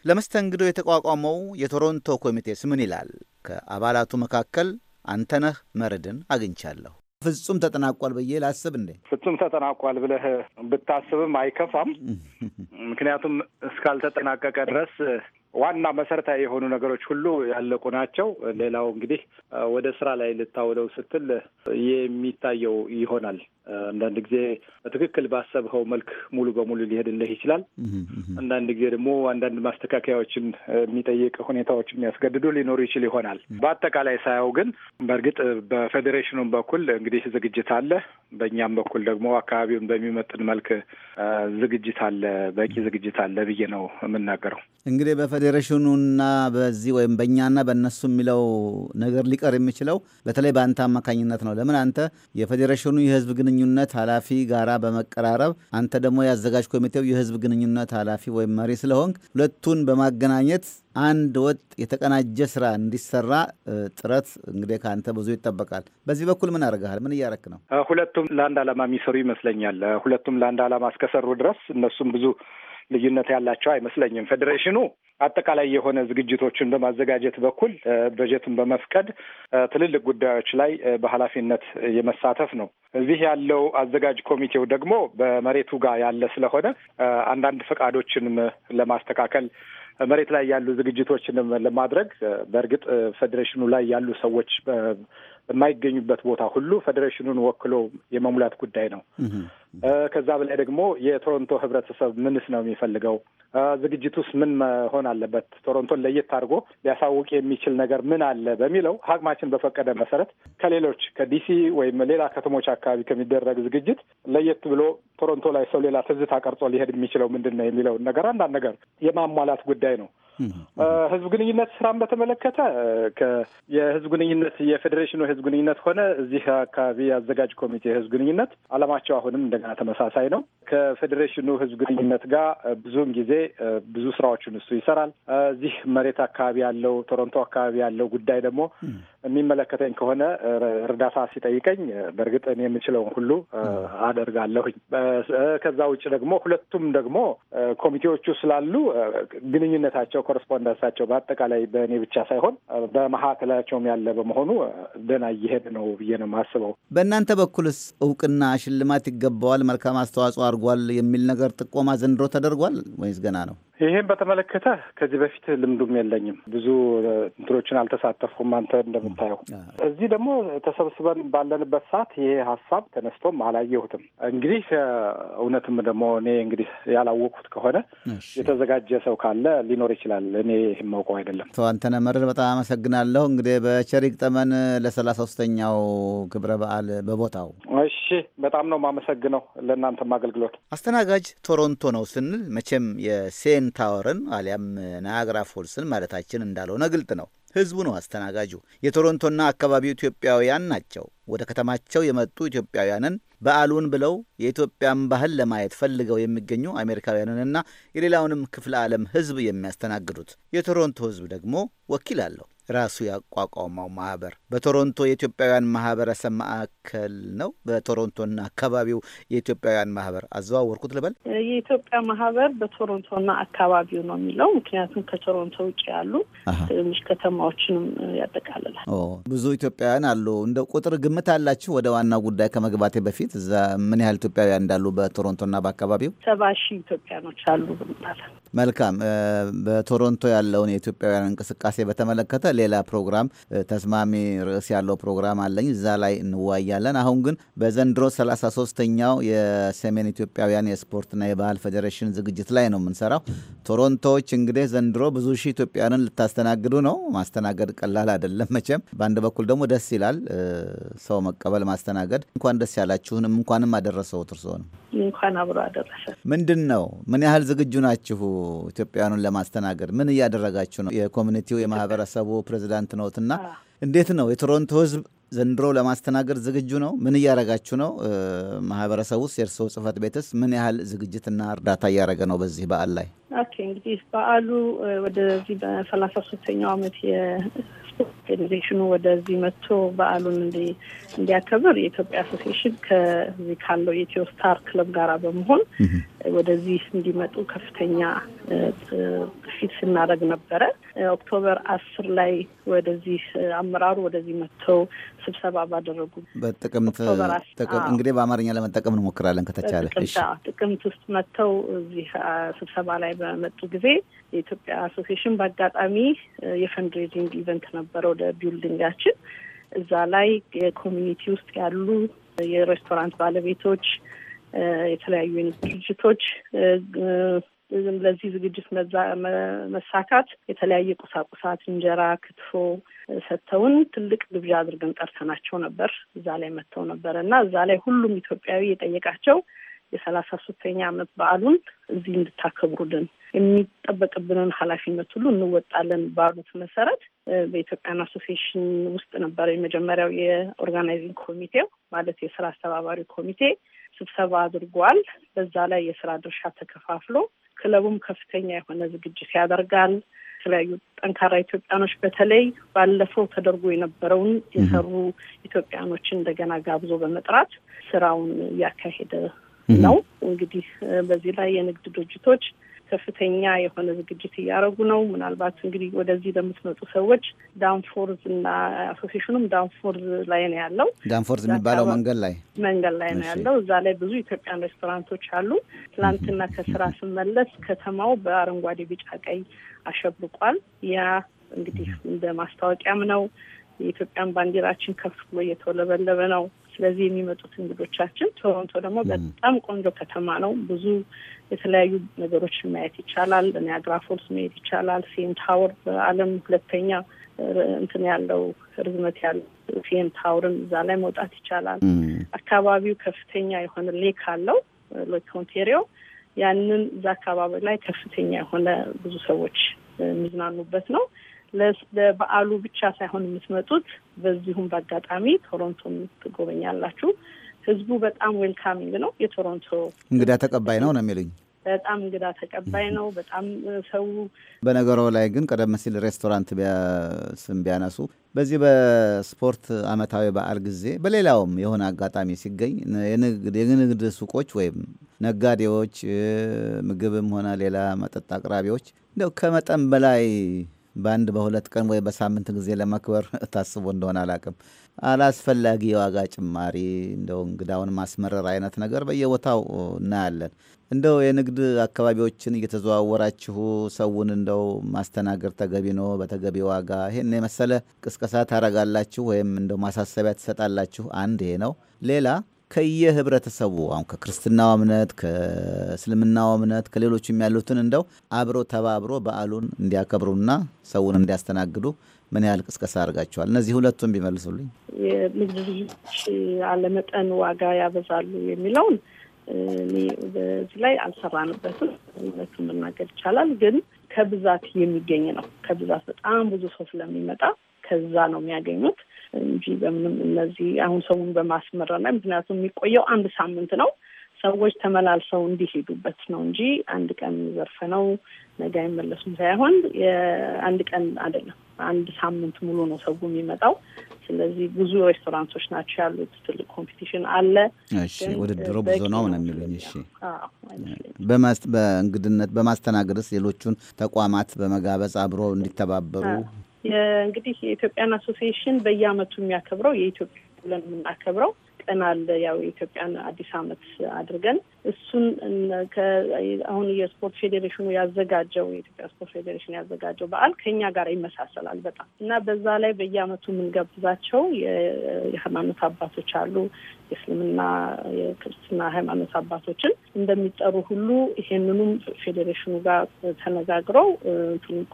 ለመስተንግዶ የተቋቋመው የቶሮንቶ ኮሚቴስ ምን ይላል? ከአባላቱ መካከል አንተነህ መርድን አግኝቻለሁ። ፍጹም ተጠናቋል ብዬ ላስብ እንዴ? ፍጹም ተጠናቋል ብለህ ብታስብም አይከፋም። ምክንያቱም እስካልተጠናቀቀ ድረስ ዋና መሰረታዊ የሆኑ ነገሮች ሁሉ ያለቁ ናቸው። ሌላው እንግዲህ ወደ ስራ ላይ ልታውለው ስትል የሚታየው ይሆናል። አንዳንድ ጊዜ በትክክል ባሰብኸው መልክ ሙሉ በሙሉ ሊሄድልህ ይችላል። አንዳንድ ጊዜ ደግሞ አንዳንድ ማስተካከያዎችን የሚጠይቅ ሁኔታዎች የሚያስገድዱ ሊኖሩ ይችል ይሆናል። በአጠቃላይ ሳየው ግን በእርግጥ በፌዴሬሽኑም በኩል እንግዲህ ዝግጅት አለ፣ በእኛም በኩል ደግሞ አካባቢውን በሚመጥን መልክ ዝግጅት አለ፣ በቂ ዝግጅት አለ ብዬ ነው የምናገረው። እንግዲህ በፌዴሬሽኑና በዚህ ወይም በእኛና በእነሱ የሚለው ነገር ሊቀር የሚችለው በተለይ በአንተ አማካኝነት ነው። ለምን አንተ የፌዴሬሽኑ የህዝብ ግንኙ ግንኙነት ኃላፊ ጋራ በመቀራረብ አንተ ደግሞ የአዘጋጅ ኮሚቴው የህዝብ ግንኙነት ኃላፊ ወይም መሪ ስለሆንክ ሁለቱን በማገናኘት አንድ ወጥ የተቀናጀ ስራ እንዲሰራ ጥረት እንግዲህ ከአንተ ብዙ ይጠበቃል። በዚህ በኩል ምን አድርገሃል? ምን እያረክ ነው? ሁለቱም ለአንድ ዓላማ የሚሰሩ ይመስለኛል። ሁለቱም ለአንድ ዓላማ እስከሰሩ ድረስ እነሱም ብዙ ልዩነት ያላቸው አይመስለኝም። ፌዴሬሽኑ አጠቃላይ የሆነ ዝግጅቶችን በማዘጋጀት በኩል በጀትን በመፍቀድ ትልልቅ ጉዳዮች ላይ በኃላፊነት የመሳተፍ ነው። እዚህ ያለው አዘጋጅ ኮሚቴው ደግሞ በመሬቱ ጋር ያለ ስለሆነ አንዳንድ ፈቃዶችንም ለማስተካከል መሬት ላይ ያሉ ዝግጅቶችንም ለማድረግ በእርግጥ ፌዴሬሽኑ ላይ ያሉ ሰዎች የማይገኙበት ቦታ ሁሉ ፌዴሬሽኑን ወክሎ የመሙላት ጉዳይ ነው። ከዛ በላይ ደግሞ የቶሮንቶ ህብረተሰብ ምንስ ነው የሚፈልገው? ዝግጅቱስ ምን መሆን አለበት፣ ቶሮንቶን ለየት አድርጎ ሊያሳውቅ የሚችል ነገር ምን አለ በሚለው አቅማችን በፈቀደ መሰረት ከሌሎች ከዲሲ ወይም ሌላ ከተሞች አካባቢ ከሚደረግ ዝግጅት ለየት ብሎ ቶሮንቶ ላይ ሰው ሌላ ትዝታ ቀርጾ ሊሄድ የሚችለው ምንድን ነው የሚለውን ነገር አንዳንድ ነገር የማሟላት ጉዳይ ነው። ህዝብ ግንኙነት ስራን በተመለከተ የህዝብ ግንኙነት የፌዴሬሽኑ የህዝብ ግንኙነት ሆነ እዚህ አካባቢ አዘጋጅ ኮሚቴ የህዝብ ግንኙነት አለማቸው አሁንም እንደገና ተመሳሳይ ነው። ከፌዴሬሽኑ ህዝብ ግንኙነት ጋር ብዙውን ጊዜ ብዙ ስራዎችን እሱ ይሰራል። እዚህ መሬት አካባቢ ያለው ቶሮንቶ አካባቢ ያለው ጉዳይ ደግሞ የሚመለከተኝ ከሆነ እርዳታ ሲጠይቀኝ በእርግጥ እኔ የምችለውን ሁሉ አደርጋለሁኝ። ከዛ ውጭ ደግሞ ሁለቱም ደግሞ ኮሚቴዎቹ ስላሉ ግንኙነታቸው፣ ኮረስፖንደንሳቸው በአጠቃላይ በእኔ ብቻ ሳይሆን በመካከላቸውም ያለ በመሆኑ ደህና እየሄድ ነው ብዬ ነው የማስበው። በእናንተ በኩልስ እውቅና ሽልማት ይገባዋል፣ መልካም አስተዋጽኦ አድርጓል የሚል ነገር ጥቆማ ዘንድሮ ተደርጓል ወይስ ገና ነው? ይህም በተመለከተ ከዚህ በፊት ልምዱም የለኝም። ብዙ እንትኖችን አልተሳተፍኩም። አንተ እንደምታየው እዚህ ደግሞ ተሰብስበን ባለንበት ሰዓት ይሄ ሀሳብ ተነስቶም አላየሁትም። እንግዲህ እውነትም ደግሞ እኔ እንግዲህ ያላወቅኩት ከሆነ የተዘጋጀ ሰው ካለ ሊኖር ይችላል። እኔ የማውቀው አይደለም። አንተነ አንተነህ በጣም አመሰግናለሁ። እንግዲህ በቸሪቅ ጠመን ለሰላሳ ሶስተኛው ክብረ በዓል በቦታው እሺ፣ በጣም ነው የማመሰግነው። ለእናንተም አገልግሎት አስተናጋጅ ቶሮንቶ ነው ስንል መቼም የሴን ትዊን ታወርን አሊያም ናያግራ ፎልስን ማለታችን እንዳልሆነ ግልጥ ነው። ህዝቡ ነው አስተናጋጁ። የቶሮንቶና አካባቢው ኢትዮጵያውያን ናቸው። ወደ ከተማቸው የመጡ ኢትዮጵያውያንን በዓሉን ብለው የኢትዮጵያን ባህል ለማየት ፈልገው የሚገኙ አሜሪካውያንንና የሌላውንም ክፍለ ዓለም ህዝብ የሚያስተናግዱት። የቶሮንቶ ህዝብ ደግሞ ወኪል አለው። ራሱ ያቋቋመው ማህበር በቶሮንቶ የኢትዮጵያውያን ማህበረሰብ ማዕከል ነው። በቶሮንቶና አካባቢው የኢትዮጵያውያን ማህበር አዘዋወርኩት ልበል። የኢትዮጵያ ማህበር በቶሮንቶና አካባቢው ነው የሚለው ምክንያቱም ከቶሮንቶ ውጭ ያሉ ትንሽ ከተማዎችንም ያጠቃልላል። ብዙ ኢትዮጵያውያን አሉ። እንደ ቁጥር ግምት አላችሁ? ወደ ዋናው ጉዳይ ከመግባቴ በፊት እዛ ምን ያህል ኢትዮጵያውያን እንዳሉ በቶሮንቶና በአካባቢው? ሰባ ሺህ ኢትዮጵያኖች አሉ መልካም። በቶሮንቶ ያለውን የኢትዮጵያውያን እንቅስቃሴ በተመለከተ ሌላ ፕሮግራም ተስማሚ ርዕስ ያለው ፕሮግራም አለኝ። እዛ ላይ እንወያያለን። አሁን ግን በዘንድሮ 33ኛው የሰሜን ኢትዮጵያውያን የስፖርትና የባህል ፌዴሬሽን ዝግጅት ላይ ነው የምንሰራው። ቶሮንቶዎች እንግዲህ ዘንድሮ ብዙ ሺህ ኢትዮጵያውያንን ልታስተናግዱ ነው። ማስተናገድ ቀላል አይደለም መቼም። በአንድ በኩል ደግሞ ደስ ይላል ሰው መቀበል ማስተናገድ። እንኳን ደስ ያላችሁንም እንኳንም አደረሰውት ትርሶ ነው እንኳን አብሮ አደረሰ። ምንድን ነው ምን ያህል ዝግጁ ናችሁ ኢትዮጵያውያኑን ለማስተናገድ? ምን እያደረጋችሁ ነው? የኮሚኒቲው የማህበረሰቡ ፕሬዚዳንት ነዎትና እንዴት ነው የቶሮንቶ ህዝብ ዘንድሮ ለማስተናገድ ዝግጁ ነው? ምን እያረጋችሁ ነው? ማህበረሰቡ ውስጥ የእርስዎ ጽህፈት ቤትስ ምን ያህል ዝግጅትና እርዳታ እያደረገ ነው በዚህ በዓል ላይ? ኦኬ እንግዲህ በዓሉ ወደዚህ በሰላሳ ሶስተኛው ዓመት ስፖርት ፌዴሬሽኑ ወደዚህ መጥቶ በዓሉን እንዲያከብር የኢትዮጵያ አሶሲሽን ከዚህ ካለው የኢትዮ ስታር ክለብ ጋራ በመሆን ወደዚህ እንዲመጡ ከፍተኛ ግፊት ስናደርግ ነበረ። ኦክቶበር አስር ላይ ወደዚህ አመራሩ ወደዚህ መጥተው ስብሰባ ባደረጉ በጥቅምት እንግዲህ በአማርኛ ለመጠቀም እንሞክራለን ከተቻለ ጥቅምት ውስጥ መጥተው እዚህ ስብሰባ ላይ በመጡ ጊዜ የኢትዮጵያ አሶሲሽን በአጋጣሚ የፈንድሬዚንግ ኢቨንት ነበረ ወደ ቢልዲንጋችን። እዛ ላይ የኮሚኒቲ ውስጥ ያሉ የሬስቶራንት ባለቤቶች፣ የተለያዩ ድርጅቶች ለዚህ ዝግጅት መሳካት የተለያየ ቁሳቁሳት፣ እንጀራ፣ ክትፎ ሰጥተውን ትልቅ ግብዣ አድርገን ጠርተናቸው ነበር። እዛ ላይ መጥተው ነበር እና እዛ ላይ ሁሉም ኢትዮጵያዊ የጠየቃቸው የሰላሳ ሶስተኛ ዓመት በዓሉን እዚህ እንድታከብሩልን የሚጠበቅብንን ኃላፊነት ሁሉ እንወጣለን ባሉት መሰረት በኢትዮጵያን አሶሲሽን ውስጥ ነበረ የመጀመሪያው የኦርጋናይዚንግ ኮሚቴው ማለት የስራ አስተባባሪ ኮሚቴ ስብሰባ አድርጓል። በዛ ላይ የስራ ድርሻ ተከፋፍሎ ክለቡም ከፍተኛ የሆነ ዝግጅት ያደርጋል። የተለያዩ ጠንካራ ኢትዮጵያኖች በተለይ ባለፈው ተደርጎ የነበረውን የሰሩ ኢትዮጵያኖችን እንደገና ጋብዞ በመጥራት ስራውን እያካሄደ ነው። እንግዲህ በዚህ ላይ የንግድ ድርጅቶች ከፍተኛ የሆነ ዝግጅት እያደረጉ ነው። ምናልባት እንግዲህ ወደዚህ ለምትመጡ ሰዎች ዳንፎርዝ እና አሶሴሽኑም ዳንፎርዝ ላይ ነው ያለው። ዳንፎርዝ የሚባለው መንገድ ላይ መንገድ ላይ ነው ያለው። እዛ ላይ ብዙ ኢትዮጵያን ሬስቶራንቶች አሉ። ትናንትና ከስራ ስመለስ ከተማው በአረንጓዴ፣ ቢጫ፣ ቀይ አሸብርቋል። ያ እንግዲህ እንደ ማስታወቂያም ነው። የኢትዮጵያን ባንዲራችን ከፍ ብሎ እየተውለበለበ ነው። ስለዚህ የሚመጡት እንግዶቻችን ቶሮንቶ ደግሞ በጣም ቆንጆ ከተማ ነው። ብዙ የተለያዩ ነገሮችን ማየት ይቻላል። ኒያግራ ፎልስ ማየት ይቻላል። ሲን ታወር በዓለም ሁለተኛ እንትን ያለው ርዝመት ያለው ሲን ታወርን እዛ ላይ መውጣት ይቻላል። አካባቢው ከፍተኛ የሆነ ሌክ አለው ሌክ ኦንቴሪዮ። ያንን እዛ አካባቢ ላይ ከፍተኛ የሆነ ብዙ ሰዎች የሚዝናኑበት ነው። ለበዓሉ ብቻ ሳይሆን የምትመጡት በዚሁም በአጋጣሚ ቶሮንቶን ትጎበኛላችሁ። ህዝቡ በጣም ዌልካሚንግ ነው። የቶሮንቶ እንግዳ ተቀባይ ነው ነው የሚሉኝ በጣም እንግዳ ተቀባይ ነው። በጣም ሰው በነገሮ ላይ ግን ቀደም ሲል ሬስቶራንት ስም ቢያነሱ በዚህ በስፖርት አመታዊ በዓል ጊዜ በሌላውም የሆነ አጋጣሚ ሲገኝ የንግድ ሱቆች ወይም ነጋዴዎች ምግብም ሆነ ሌላ መጠጥ አቅራቢዎች እንደው ከመጠን በላይ በአንድ በሁለት ቀን ወይ በሳምንት ጊዜ ለመክበር ታስቦ እንደሆነ አላቅም። አላስፈላጊ የዋጋ ጭማሪ እንደው እንግዳውን ማስመረር አይነት ነገር በየቦታው እናያለን። እንደው የንግድ አካባቢዎችን እየተዘዋወራችሁ ሰውን እንደው ማስተናገድ ተገቢ ነው፣ በተገቢ ዋጋ ይህን የመሰለ ቅስቀሳ ታረጋላችሁ ወይም እንደው ማሳሰቢያ ትሰጣላችሁ? አንድ ይሄ ነው። ሌላ ከየህብረተሰቡ አሁን ከክርስትናው እምነት፣ ከእስልምናው እምነት፣ ከሌሎችም ያሉትን እንደው አብሮ ተባብሮ በዓሉን እንዲያከብሩና ሰውን እንዲያስተናግዱ ምን ያህል ቅስቀሳ አድርጋቸዋል? እነዚህ ሁለቱን ቢመልሱልኝ። የንግድ አለመጠን ዋጋ ያበዛሉ የሚለውን በዚህ ላይ አልሰራንበትም። እውነቱን መናገር ይቻላል፣ ግን ከብዛት የሚገኝ ነው። ከብዛት በጣም ብዙ ሰው ስለሚመጣ ከዛ ነው የሚያገኙት እንጂ በምንም እነዚህ አሁን ሰውን በማስመረ ላይ ምክንያቱም የሚቆየው አንድ ሳምንት ነው። ሰዎች ተመላልሰው እንዲሄዱበት ነው እንጂ አንድ ቀን ዘርፍ ነው ነገ አይመለሱም ሳይሆን የአንድ ቀን አይደለም፣ አንድ ሳምንት ሙሉ ነው ሰው የሚመጣው። ስለዚህ ብዙ ሬስቶራንቶች ናቸው ያሉት። ትልቅ ኮምፒቲሽን አለ። እሺ፣ ውድድሩ ብዙ ነው ነው የሚሉኝ። እሺ፣ በእንግድነት በማስተናገድስ ሌሎቹን ተቋማት በመጋበዝ አብሮ እንዲተባበሩ እንግዲህ የኢትዮጵያን አሶሲዬሽን በየአመቱ የሚያከብረው የኢትዮጵያ ብለን የምናከብረው ቀን አለ። ያው የኢትዮጵያን አዲስ አመት አድርገን እሱን አሁን የስፖርት ፌዴሬሽኑ ያዘጋጀው የኢትዮጵያ ስፖርት ፌዴሬሽን ያዘጋጀው በዓል ከኛ ጋር ይመሳሰላል በጣም እና በዛ ላይ በየአመቱ የምንጋብዛቸው የሃይማኖት አባቶች አሉ። የእስልምና የክርስትና ሃይማኖት አባቶችን እንደሚጠሩ ሁሉ ይሄንኑም ፌዴሬሽኑ ጋር ተነጋግረው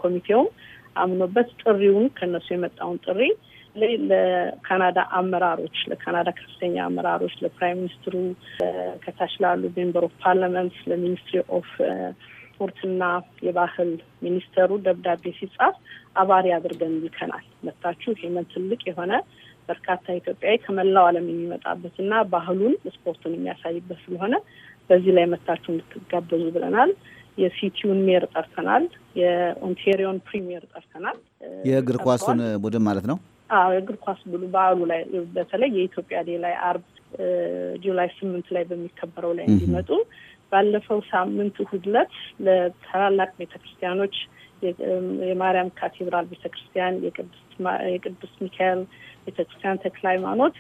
ኮሚቴውም አምኖበት ጥሪውን ከነሱ የመጣውን ጥሪ ለካናዳ አመራሮች ለካናዳ ከፍተኛ አመራሮች፣ ለፕራይም ሚኒስትሩ፣ ከታች ላሉ ሜምበር ኦፍ ፓርላመንት፣ ለሚኒስትሪ ኦፍ ስፖርትና የባህል ሚኒስተሩ ደብዳቤ ሲጻፍ አባሪ አድርገን ይልከናል። መታችሁ ይህንን ትልቅ የሆነ በርካታ ኢትዮጵያዊ ከመላው ዓለም የሚመጣበትና ባህሉን ስፖርቱን የሚያሳይበት ስለሆነ በዚህ ላይ መታችሁ እንድትጋበዙ ብለናል። የሲቲውን ሜር ጠርተናል። የኦንቴሪዮን ፕሪሚየር ጠርተናል። የእግር ኳሱን ቡድን ማለት ነው። አዎ የእግር ኳስ ብሉ በዓሉ ላይ በተለይ የኢትዮጵያ ዴ ላይ አርብ ጁላይ ስምንት ላይ በሚከበረው ላይ እንዲመጡ ባለፈው ሳምንት እሑድ ዕለት ለታላላቅ ቤተክርስቲያኖች የማርያም ካቴድራል ቤተክርስቲያን፣ የቅዱስ ሚካኤል ቤተክርስቲያን ተክለ ሃይማኖት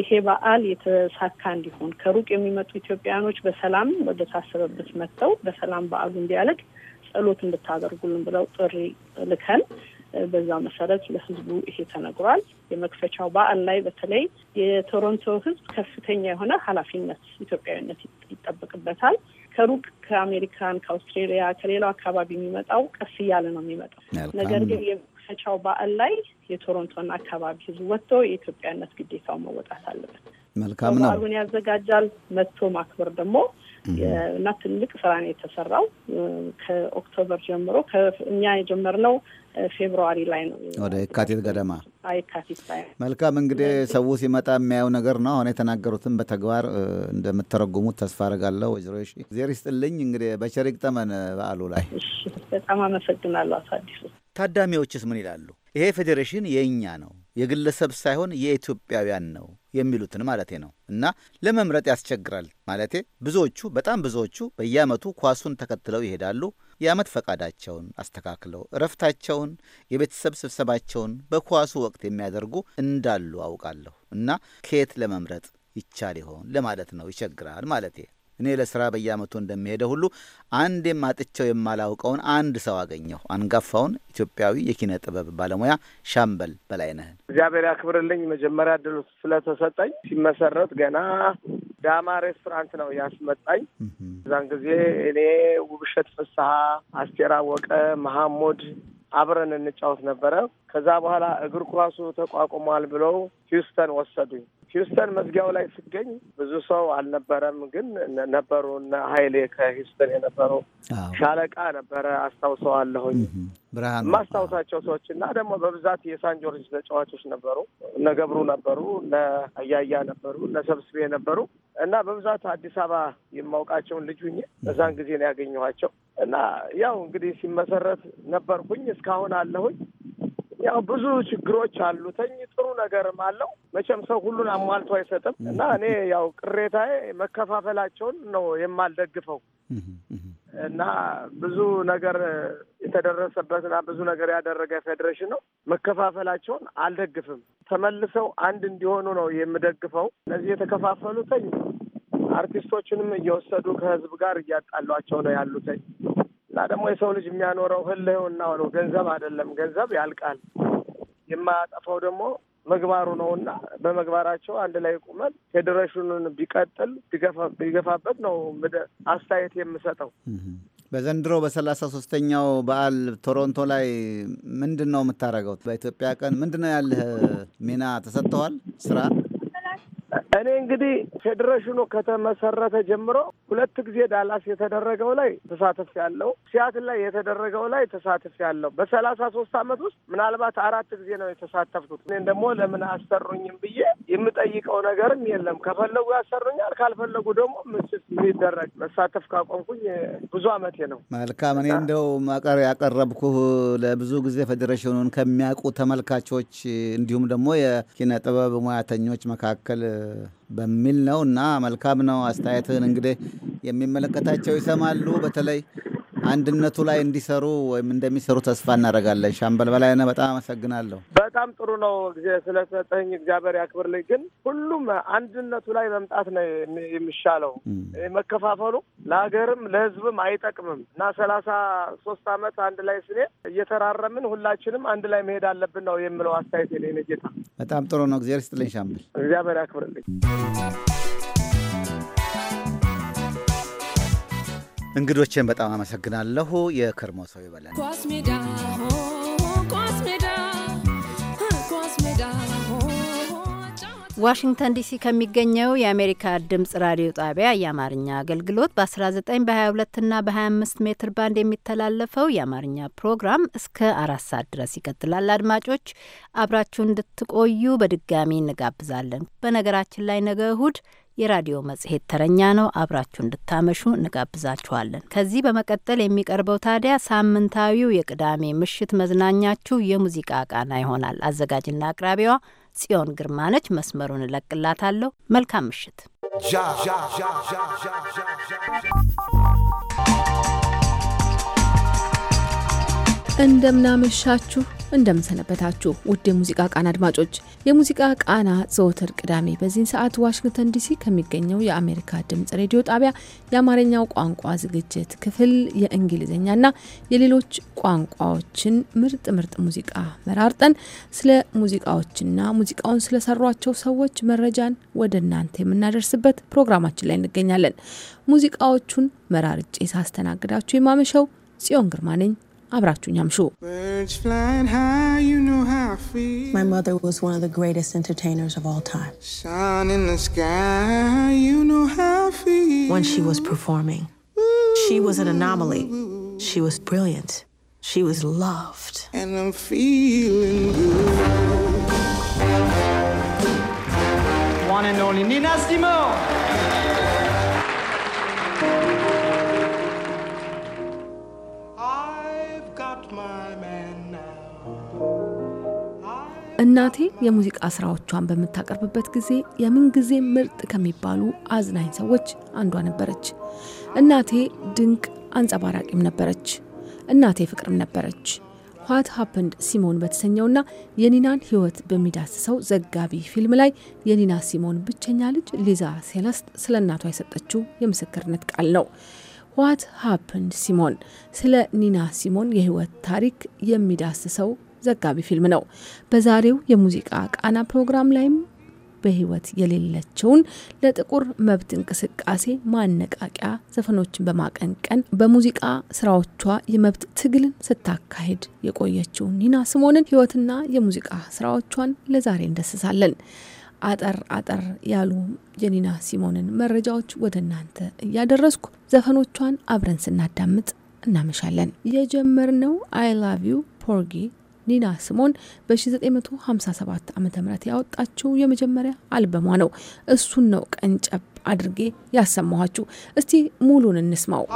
ይሄ በዓል የተሳካ እንዲሆን ከሩቅ የሚመጡ ኢትዮጵያውያኖች በሰላም ወደ ታሰበበት መጥተው በሰላም በዓሉ እንዲያለቅ ጸሎት እንድታደርጉልን ብለው ጥሪ ልከን በዛ መሰረት ለህዝቡ ይሄ ተነግሯል። የመክፈቻው በዓል ላይ በተለይ የቶሮንቶ ህዝብ ከፍተኛ የሆነ ኃላፊነት ኢትዮጵያዊነት ይጠበቅበታል። ከሩቅ ከአሜሪካን፣ ከአውስትሬሊያ፣ ከሌላው አካባቢ የሚመጣው ቀስ እያለ ነው የሚመጣው። ነገር ግን የመክፈቻው በዓል ላይ የቶሮንቶና አካባቢ ህዝብ ወጥቶ የኢትዮጵያነት ግዴታው መወጣት አለበት። መልካም ነው። በዓሉን ያዘጋጃል። መጥቶ ማክበር ደግሞ እና ትልቅ ስራ ነው የተሰራው። ከኦክቶበር ጀምሮ እኛ የጀመርነው ፌብርዋሪ ላይ ነው፣ ወደ የካቲት ገደማ የካቲት ላይ መልካም። እንግዲህ ሰው ሲመጣ የሚያየው ነገር ነው። አሁን የተናገሩትን በተግባር እንደምተረጉሙት ተስፋ አድርጋለሁ። ወይዘሮ ሺ ይስጥልኝ። እንግዲህ በቸሪክ ጠመን በዓሉ ላይ በጣም አመሰግናለሁ አቶ አዲሱ። ታዳሚዎችስ ምን ይላሉ? ይሄ ፌዴሬሽን የእኛ ነው፣ የግለሰብ ሳይሆን የኢትዮጵያውያን ነው የሚሉትን ማለቴ ነው። እና ለመምረጥ ያስቸግራል ማለቴ ብዙዎቹ በጣም ብዙዎቹ በየዓመቱ ኳሱን ተከትለው ይሄዳሉ። የዓመት ፈቃዳቸውን አስተካክለው እረፍታቸውን፣ የቤተሰብ ስብሰባቸውን በኳሱ ወቅት የሚያደርጉ እንዳሉ አውቃለሁ። እና ከየት ለመምረጥ ይቻል ይሆን ለማለት ነው ይቸግራል ማለቴ እኔ ለስራ በየአመቱ እንደሚሄደ ሁሉ አንድ የማጥቸው የማላውቀውን አንድ ሰው አገኘሁ። አንጋፋውን ኢትዮጵያዊ የኪነ ጥበብ ባለሙያ ሻምበል በላይነህን እግዚአብሔር ያክብርልኝ። መጀመሪያ ድል ስለተሰጠኝ ሲመሰረት ገና ዳማ ሬስቶራንት ነው ያስመጣኝ። እዛን ጊዜ እኔ ውብሸት ፍስሀ፣ አስቴር አወቀ፣ መሐሙድ አብረን እንጫወት ነበረ። ከዛ በኋላ እግር ኳሱ ተቋቁሟል ብለው ሂውስተን ወሰዱኝ። ሂውስተን መዝጊያው ላይ ስገኝ ብዙ ሰው አልነበረም፣ ግን ነበሩ እነ ሀይሌ ከሂውስተን የነበሩ ሻለቃ ነበረ አስታውሰዋለሁኝ። ብርሃን የማስታውሳቸው ሰዎች እና ደግሞ በብዛት የሳን ጆርጅ ተጫዋቾች ነበሩ። እነ ገብሩ ነበሩ፣ እነ አያያ ነበሩ፣ እነ ሰብስቤ ነበሩ እና በብዛት አዲስ አበባ የማውቃቸውን ልጅ ሁኜ በዛን ጊዜ ነው ያገኘኋቸው እና ያው እንግዲህ ሲመሰረት ነበርኩኝ እስካሁን አለሁኝ። ያው ብዙ ችግሮች ተኝ ጥሩ ነገርም አለው። መቼም ሰው ሁሉን አሟልቶ አይሰጥም እና እኔ ያው ቅሬታዬ መከፋፈላቸውን ነው የማልደግፈው እና ብዙ ነገር የተደረሰበትና ብዙ ነገር ያደረገ ፌዴሬሽን ነው። መከፋፈላቸውን አልደግፍም። ተመልሰው አንድ እንዲሆኑ ነው የምደግፈው። እነዚህ ተኝ አርቲስቶችንም እየወሰዱ ከህዝብ ጋር እያጣሏቸው ነው ያሉተኝ እና ደግሞ የሰው ልጅ የሚያኖረው ህልውና ነው፣ ገንዘብ አይደለም። ገንዘብ ያልቃል። የማያጠፋው ደግሞ ምግባሩ ነው እና በመግባራቸው አንድ ላይ ቁመን ፌዴሬሽኑን ቢቀጥል ቢገፋበት ነው አስተያየት የምሰጠው። በዘንድሮ በሰላሳ ሶስተኛው በዓል ቶሮንቶ ላይ ምንድን ነው የምታደርገው? በኢትዮጵያ ቀን ምንድን ነው ያለህ ሚና? ተሰጥተዋል ስራ እኔ እንግዲህ ፌዴሬሽኑ ከተመሰረተ ጀምሮ ሁለት ጊዜ ዳላስ የተደረገው ላይ ተሳተፍ ያለው ሲያትል ላይ የተደረገው ላይ ተሳተፍ ያለው በሰላሳ ሶስት አመት ውስጥ ምናልባት አራት ጊዜ ነው የተሳተፍኩት። እኔን ደግሞ ለምን አሰሩኝም ብዬ የምጠይቀው ነገርም የለም። ከፈለጉ ያሰሩኛል፣ ካልፈለጉ ደግሞ ምስት የሚደረግ መሳተፍ ካቆምኩኝ ብዙ አመቴ ነው። መልካም። እኔ እንደው ማቀር ያቀረብኩ ለብዙ ጊዜ ፌዴሬሽኑን ከሚያውቁ ተመልካቾች እንዲሁም ደግሞ የኪነ ጥበብ ሙያተኞች መካከል በሚል ነው እና መልካም ነው አስተያየትህን እንግዲህ የሚመለከታቸው ይሰማሉ። በተለይ አንድነቱ ላይ እንዲሰሩ ወይም እንደሚሰሩ ተስፋ እናደርጋለን። ሻምበል በላይነህ በጣም አመሰግናለሁ። በጣም ጥሩ ነው ጊዜ ስለሰጠኝ እግዚአብሔር ያክብርልኝ። ግን ሁሉም አንድነቱ ላይ መምጣት ነው የሚሻለው። መከፋፈሉ ለሀገርም ለህዝብም አይጠቅምም እና ሰላሳ ሶስት አመት አንድ ላይ ስኔ እየተራረምን ሁላችንም አንድ ላይ መሄድ አለብን ነው የምለው አስተያየት የኔ ጌታ። በጣም ጥሩ ነው። እግዚአብሔር ይስጥልኝ ሻምበል፣ እግዚአብሔር ያክብርልኝ። እንግዶችን በጣም አመሰግናለሁ። የከርሞ ሰው ይበለን። ዋሽንግተን ዲሲ ከሚገኘው የአሜሪካ ድምጽ ራዲዮ ጣቢያ የአማርኛ አገልግሎት በ19 በ22ና በ25 ሜትር ባንድ የሚተላለፈው የአማርኛ ፕሮግራም እስከ አራት ሰዓት ድረስ ይቀጥላል። አድማጮች አብራችሁ እንድትቆዩ በድጋሚ እንጋብዛለን። በነገራችን ላይ ነገ እሁድ የራዲዮ መጽሔት ተረኛ ነው። አብራችሁ እንድታመሹ እንጋብዛችኋለን። ከዚህ በመቀጠል የሚቀርበው ታዲያ ሳምንታዊው የቅዳሜ ምሽት መዝናኛችሁ የሙዚቃ ቃና ይሆናል። አዘጋጅና አቅራቢዋ ጽዮን ግርማ ነች። መስመሩን እለቅላታለሁ። መልካም ምሽት። እንደምናመሻችሁ እንደምንሰነበታችሁ ውድ የሙዚቃ ቃና አድማጮች፣ የሙዚቃ ቃና ዘወትር ቅዳሜ በዚህን ሰዓት ዋሽንግተን ዲሲ ከሚገኘው የአሜሪካ ድምጽ ሬዲዮ ጣቢያ የአማርኛው ቋንቋ ዝግጅት ክፍል የእንግሊዝኛና የሌሎች ቋንቋዎችን ምርጥ ምርጥ ሙዚቃ መራርጠን ስለ ሙዚቃዎችና ሙዚቃውን ስለሰሯቸው ሰዎች መረጃን ወደ እናንተ የምናደርስበት ፕሮግራማችን ላይ እንገኛለን። ሙዚቃዎቹን መራርጬ ሳስተናግዳችሁ የማመሸው ጽዮን ግርማ ነኝ። አብራችሁኝ አምሹ። My mother was one of the greatest entertainers of all time. When she was performing, she was an anomaly. She was brilliant. She was loved. And I'm feeling good. One and only Nina Simone. እናቴ የሙዚቃ ስራዎቿን በምታቀርብበት ጊዜ የምንጊዜ ምርጥ ከሚባሉ አዝናኝ ሰዎች አንዷ ነበረች። እናቴ ድንቅ አንጸባራቂም ነበረች። እናቴ ፍቅርም ነበረች። ዋት ሀፕንድ ሲሞን በተሰኘውና የኒናን ሕይወት በሚዳስሰው ዘጋቢ ፊልም ላይ የኒና ሲሞን ብቸኛ ልጅ ሊዛ ሴለስት ስለ እናቷ የሰጠችው የምስክርነት ቃል ነው። ዋት ሀፕንድ ሲሞን ስለ ኒና ሲሞን የሕይወት ታሪክ የሚዳስሰው ዘጋቢ ፊልም ነው። በዛሬው የሙዚቃ ቃና ፕሮግራም ላይም በህይወት የሌለችውን ለጥቁር መብት እንቅስቃሴ ማነቃቂያ ዘፈኖችን በማቀንቀን በሙዚቃ ስራዎቿ የመብት ትግልን ስታካሄድ የቆየችው ኒና ስሞንን ህይወትና የሙዚቃ ስራዎቿን ለዛሬ እንደስሳለን። አጠር አጠር ያሉ የኒና ሲሞንን መረጃዎች ወደ እናንተ እያደረስኩ ዘፈኖቿን አብረን ስናዳምጥ እናመሻለን። የጀመርነው አይ ላቭ ዩ ፖርጊ ኒና ስሞን በ1957 ዓ ም ያወጣችው የመጀመሪያ አልበሟ ነው። እሱን ነው ቀንጨብ አድርጌ ያሰማኋችሁ። እስቲ ሙሉን እንስማው።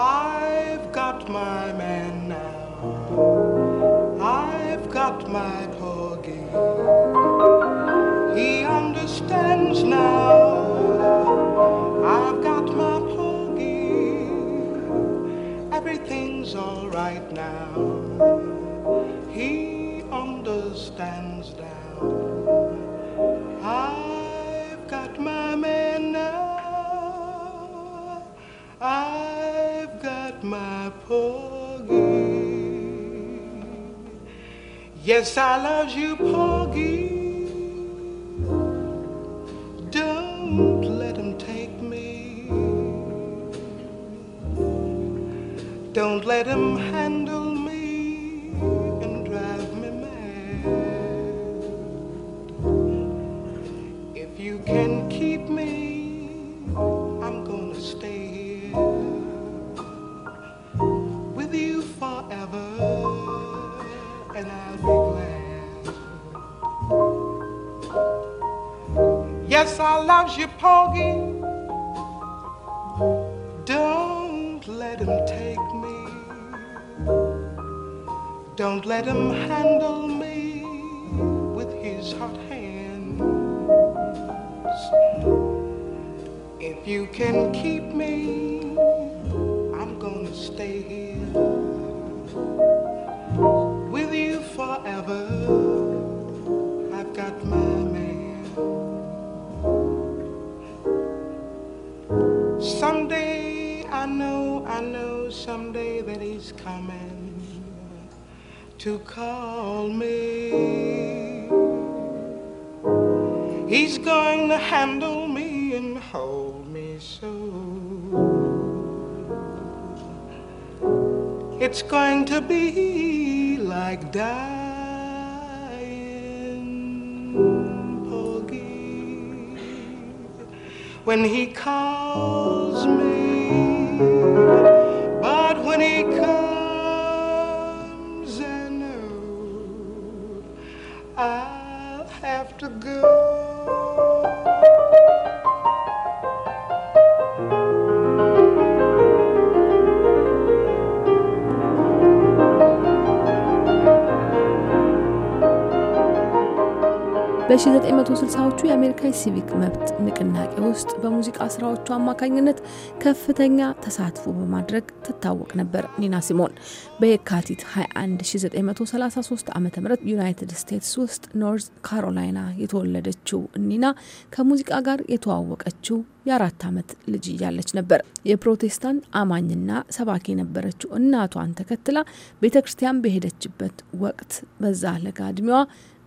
Everything's all right now. I've got my Poggy. Yes, I love you, Poggy. Don't let him take me. Don't let him handle. and I'll be glad. Yes, I love you, Poggy. Don't let him take me. Don't let him handle me with his hot hands. If you can keep me, I'm gonna stay here forever. I've got my man. Someday I know, I know someday that he's coming to call me. He's going to handle me and hold me so. It's going to be like that. when he calls me. But when he comes, I know I'll have to go. በ1960ዎቹ የአሜሪካ ሲቪክ መብት ንቅናቄ ውስጥ በሙዚቃ ስራዎቹ አማካኝነት ከፍተኛ ተሳትፎ በማድረግ ትታወቅ ነበር። ኒና ሲሞን በየካቲት 21 1933 ዓ ም ዩናይትድ ስቴትስ ውስጥ ኖርዝ ካሮላይና የተወለደችው ኒና ከሙዚቃ ጋር የተዋወቀችው የአራት ዓመት ልጅ እያለች ነበር። የፕሮቴስታንት አማኝና ሰባኪ የነበረችው እናቷን ተከትላ ቤተ ክርስቲያን በሄደችበት ወቅት በዛ ለጋ እድሜዋ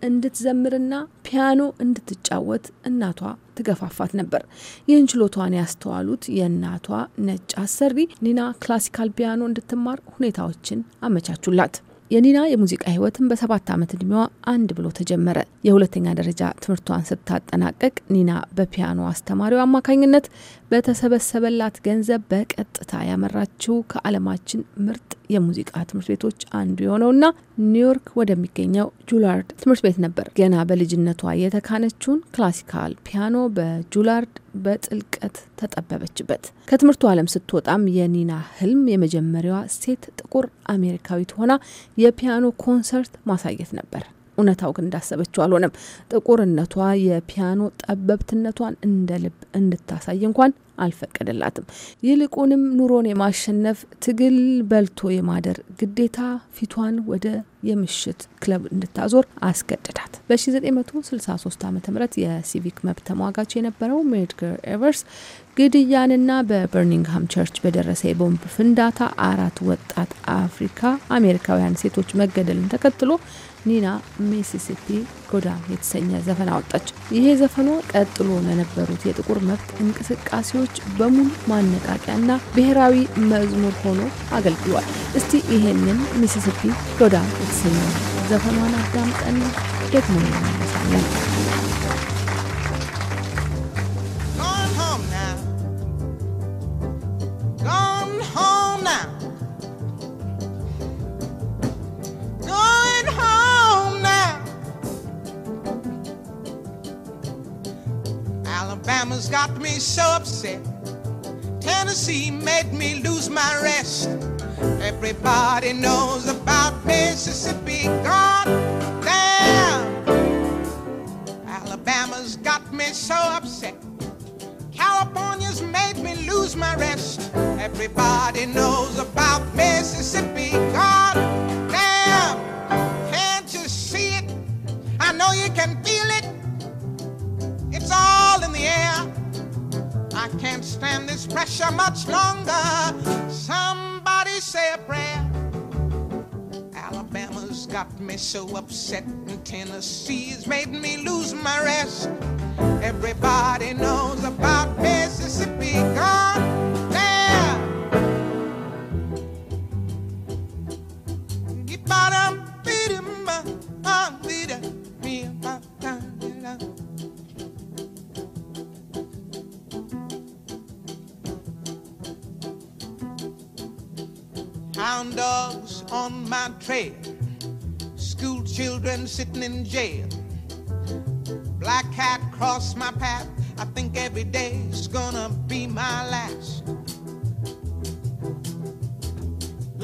እንድትዘምርና ፒያኖ እንድትጫወት እናቷ ትገፋፋት ነበር። ይህን ችሎቷን ያስተዋሉት የእናቷ ነጭ አሰሪ ኒና ክላሲካል ፒያኖ እንድትማር ሁኔታዎችን አመቻቹላት። የኒና የሙዚቃ ህይወትን በሰባት ዓመት እድሜዋ አንድ ብሎ ተጀመረ። የሁለተኛ ደረጃ ትምህርቷን ስታጠናቀቅ ኒና በፒያኖ አስተማሪው አማካኝነት በተሰበሰበላት ገንዘብ በቀጥታ ያመራችው ከዓለማችን ምርጥ የሙዚቃ ትምህርት ቤቶች አንዱ የሆነውና ኒውዮርክ ወደሚገኘው ጁላርድ ትምህርት ቤት ነበር። ገና በልጅነቷ የተካነችውን ክላሲካል ፒያኖ በጁላርድ በጥልቀት ተጠበበችበት። ከትምህርቱ ዓለም ስትወጣም የኒና ህልም የመጀመሪያዋ ሴት ጥቁር አሜሪካዊት ሆና የፒያኖ ኮንሰርት ማሳየት ነበር። እውነታው ግን እንዳሰበችው አልሆነም። ጥቁርነቷ የፒያኖ ጠበብትነቷን እንደ ልብ እንድታሳይ እንኳን አልፈቀደላትም። ይልቁንም ኑሮን የማሸነፍ ትግል በልቶ የማደር ግዴታ ፊቷን ወደ የምሽት ክለብ እንድታዞር አስገድዳት። በ1963 ዓ ም የሲቪክ መብት ተሟጋች የነበረው ሜድገር ኤቨርስ ግድያንና በበርሚንግሃም ቸርች በደረሰ የቦምብ ፍንዳታ አራት ወጣት አፍሪካ አሜሪካውያን ሴቶች መገደልን ተከትሎ ኒና ሚሲሲፒ ጎዳ የተሰኘ ዘፈን አወጣች። ይሄ ዘፈኗ ቀጥሎ ለነበሩት የጥቁር መብት እንቅስቃሴዎች በሙሉ ማነቃቂያና ብሔራዊ መዝሙር ሆኖ አገልግሏል። እስቲ ይሄንን ሚሲሲፒ ጎዳ የተሰኘ ዘፈኗን አዳምጠን ደግሞ እንመለሳለን። home. Alabama's got me so upset. Tennessee made me lose my rest. Everybody knows about Mississippi. God damn. Alabama's got me so upset. California's made me lose my rest. Everybody knows about Mississippi. God damn. Can't you see it? I know you can feel it. Can't stand this pressure much longer. Somebody say a prayer. Alabama's got me so upset, and Tennessee's made me lose my rest. Everybody knows about Mississippi gone. sitting in jail. Black cat crossed my path. I think every day is gonna be my last.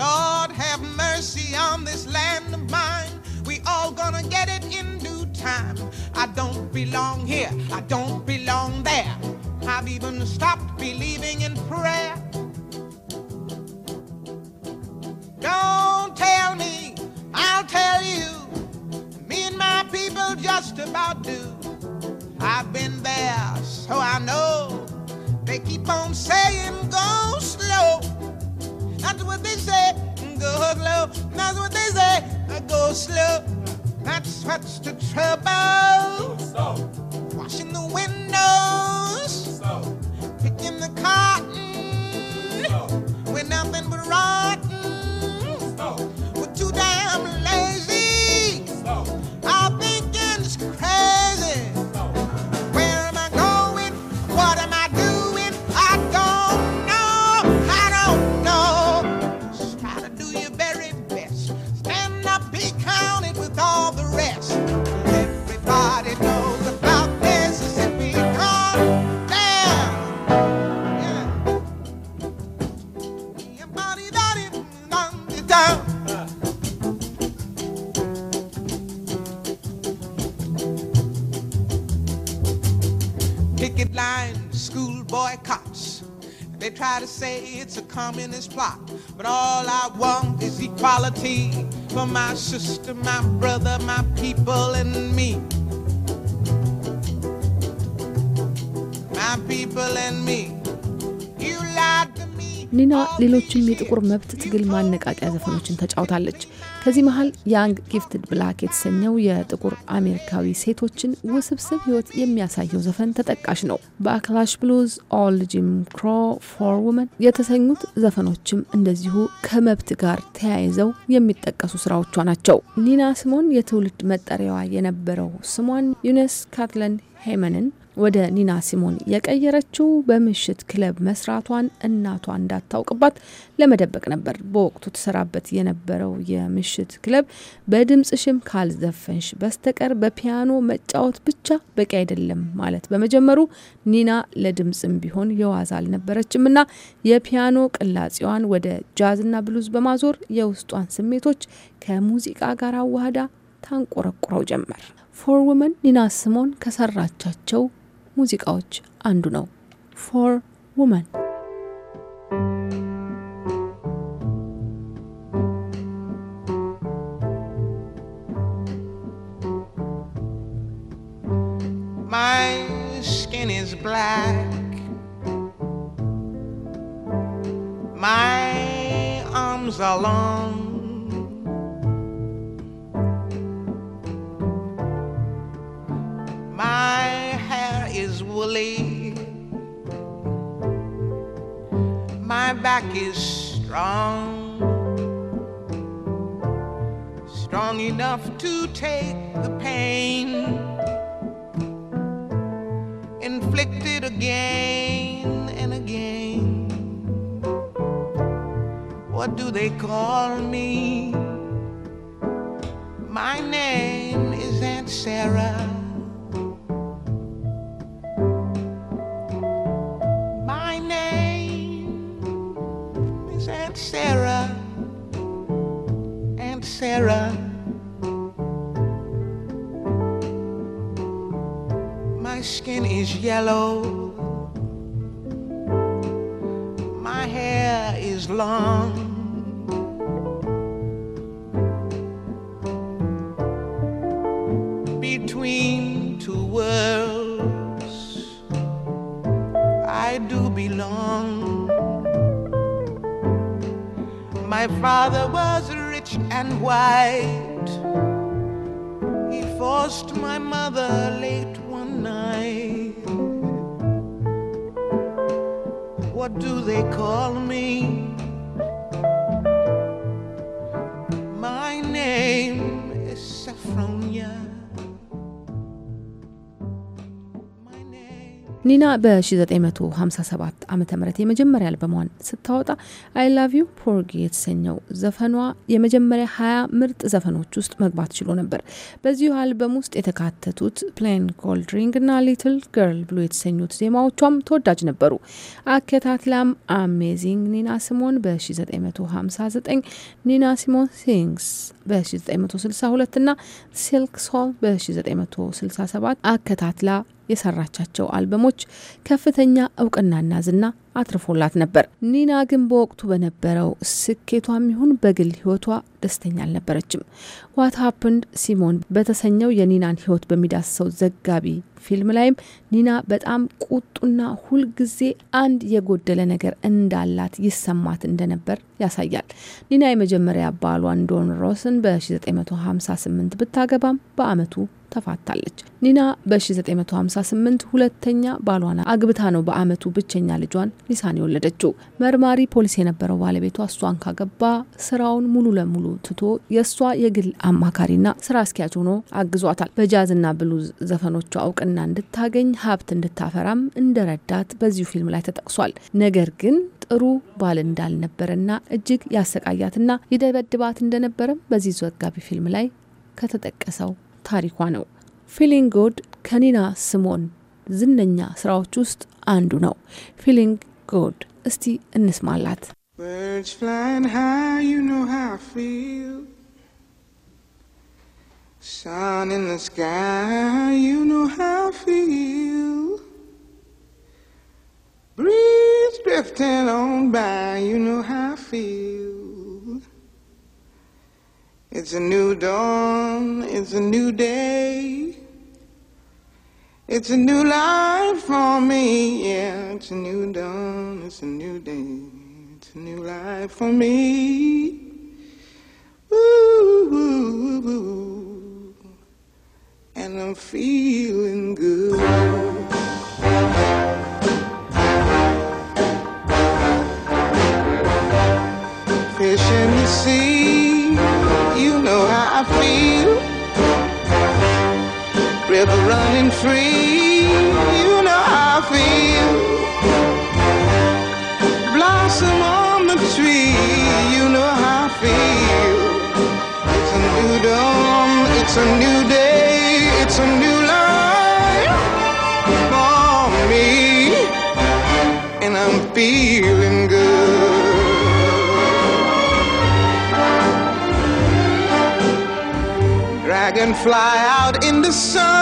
Lord, have mercy on this land of mine. We all gonna get it in due time. I don't belong here. I don't belong there. I've even stopped believing in prayer. Don't tell me. I'll tell you just about do. I've been there, so I know. They keep on saying go slow. That's what they say, go slow. That's what they say, go slow. That's what's the trouble. Slow. Washing the windows, slow. picking the cotton, slow. we're nothing but rotten. Slow. We're too damn lazy. it's a communist plot. But all I want is equality for my sister, my brother, my people, and me. My people and me. ኒና ሌሎችም የጥቁር መብት ትግል ማነቃቂያ ዘፈኖችን ተጫውታለች። ከዚህ መሀል ያንግ ጊፍትድ ብላክ የተሰኘው የጥቁር አሜሪካዊ ሴቶችን ውስብስብ ሕይወት የሚያሳየው ዘፈን ተጠቃሽ ነው። በአክላሽ ብሉዝ፣ ኦል ጂም ክሮ፣ ፎር ውመን የተሰኙት ዘፈኖችም እንደዚሁ ከመብት ጋር ተያይዘው የሚጠቀሱ ስራዎቿ ናቸው። ኒና ስሞን የትውልድ መጠሪያዋ የነበረው ስሟን ዩነስ ካትለን ሄመንን ወደ ኒና ሲሞን የቀየረችው በምሽት ክለብ መስራቷን እናቷ እንዳታውቅባት ለመደበቅ ነበር። በወቅቱ ተሰራበት የነበረው የምሽት ክለብ በድምጽሽም ካልዘፈንሽ በስተቀር በፒያኖ መጫወት ብቻ በቂ አይደለም ማለት በመጀመሩ ኒና ለድምፅም ቢሆን የዋዛ አልነበረችም እና የፒያኖ ቅላጼዋን ወደ ጃዝና ብሉዝ በማዞር የውስጧን ስሜቶች ከሙዚቃ ጋር አዋህዳ ታንቆረቁረው ጀመር። ፎር ውመን ኒና ሲሞን ከሰራቻቸው Music ሙዚቃዎች አንዱ ነው። for woman. My skin is black. My arms are long. back is strong, strong enough to take the pain inflicted again and again. What do they call me? My name is Aunt Sarah. ቲና በ1957 ዓ ም የመጀመሪያ አልበሟን ስታወጣ አይ ላቭ ዩ ፖርጊ የተሰኘው ዘፈኗ የመጀመሪያ 20 ምርጥ ዘፈኖች ውስጥ መግባት ችሎ ነበር። በዚሁ አልበም ውስጥ የተካተቱት ፕሌን ኮልድ ሪንግ እና ሊትል ገርል ብሎ የተሰኙት ዜማዎቿም ተወዳጅ ነበሩ። አከታትላም አሜዚንግ ኒና ሲሞን በ1959፣ ኒና ሲሞን ሲንግስ በ1962 እና ሲልክ ሶል በ1967 አከታትላ የሰራቻቸው አልበሞች ከፍተኛ እውቅናና ዝና አትርፎላት ነበር። ኒና ግን በወቅቱ በነበረው ስኬቷም ይሁን በግል ሕይወቷ ደስተኛ አልነበረችም። ዋት ሀፕንድ ሲሞን በተሰኘው የኒናን ሕይወት በሚዳስሰው ዘጋቢ ፊልም ላይም ኒና በጣም ቁጡና ሁልጊዜ አንድ የጎደለ ነገር እንዳላት ይሰማት እንደነበር ያሳያል። ኒና የመጀመሪያ ባሏን ዶን ሮስን በ1958 ብታገባም በአመቱ ተፋታለች። ኒና በ1958 ሁለተኛ ባሏን አግብታ ነው በአመቱ ብቸኛ ልጇን ሊሳን የወለደችው። መርማሪ ፖሊስ የነበረው ባለቤቷ እሷን ካገባ ስራውን ሙሉ ለሙሉ ትቶ የእሷ የግል አማካሪና ስራ አስኪያጅ ሆኖ አግዟታል። በጃዝና ብሉዝ ዘፈኖቿ እውቅና እንድታገኝ ሀብት እንድታፈራም እንደረዳት በዚሁ ፊልም ላይ ተጠቅሷል። ነገር ግን ጥሩ ባል እንዳልነበረና እጅግ ያሰቃያትና ይደበድባት እንደነበረም በዚህ ዘጋቢ ፊልም ላይ ከተጠቀሰው ታሪኳ ነው። ፊሊንግ ጉድ ከኒና ስሞን ዝነኛ ስራዎች ውስጥ አንዱ ነው። ፊሊንግ ጉድ እስቲ እንስማላት። Birds flying high, you know how I feel. Sun in the sky, you know how I feel. Breeze drifting on by, you know how I feel. It's a new dawn, it's a new day. It's a new life for me, yeah. It's a new dawn, it's a new day. It's a new life for me. Ooh, ooh, ooh, and I'm feeling good. river running free. You know how I feel. Blossom on the tree. You know how I feel. It's a new dawn. It's a new day. It's a new life for me. And I'm feeling good. dragonfly out in the sun.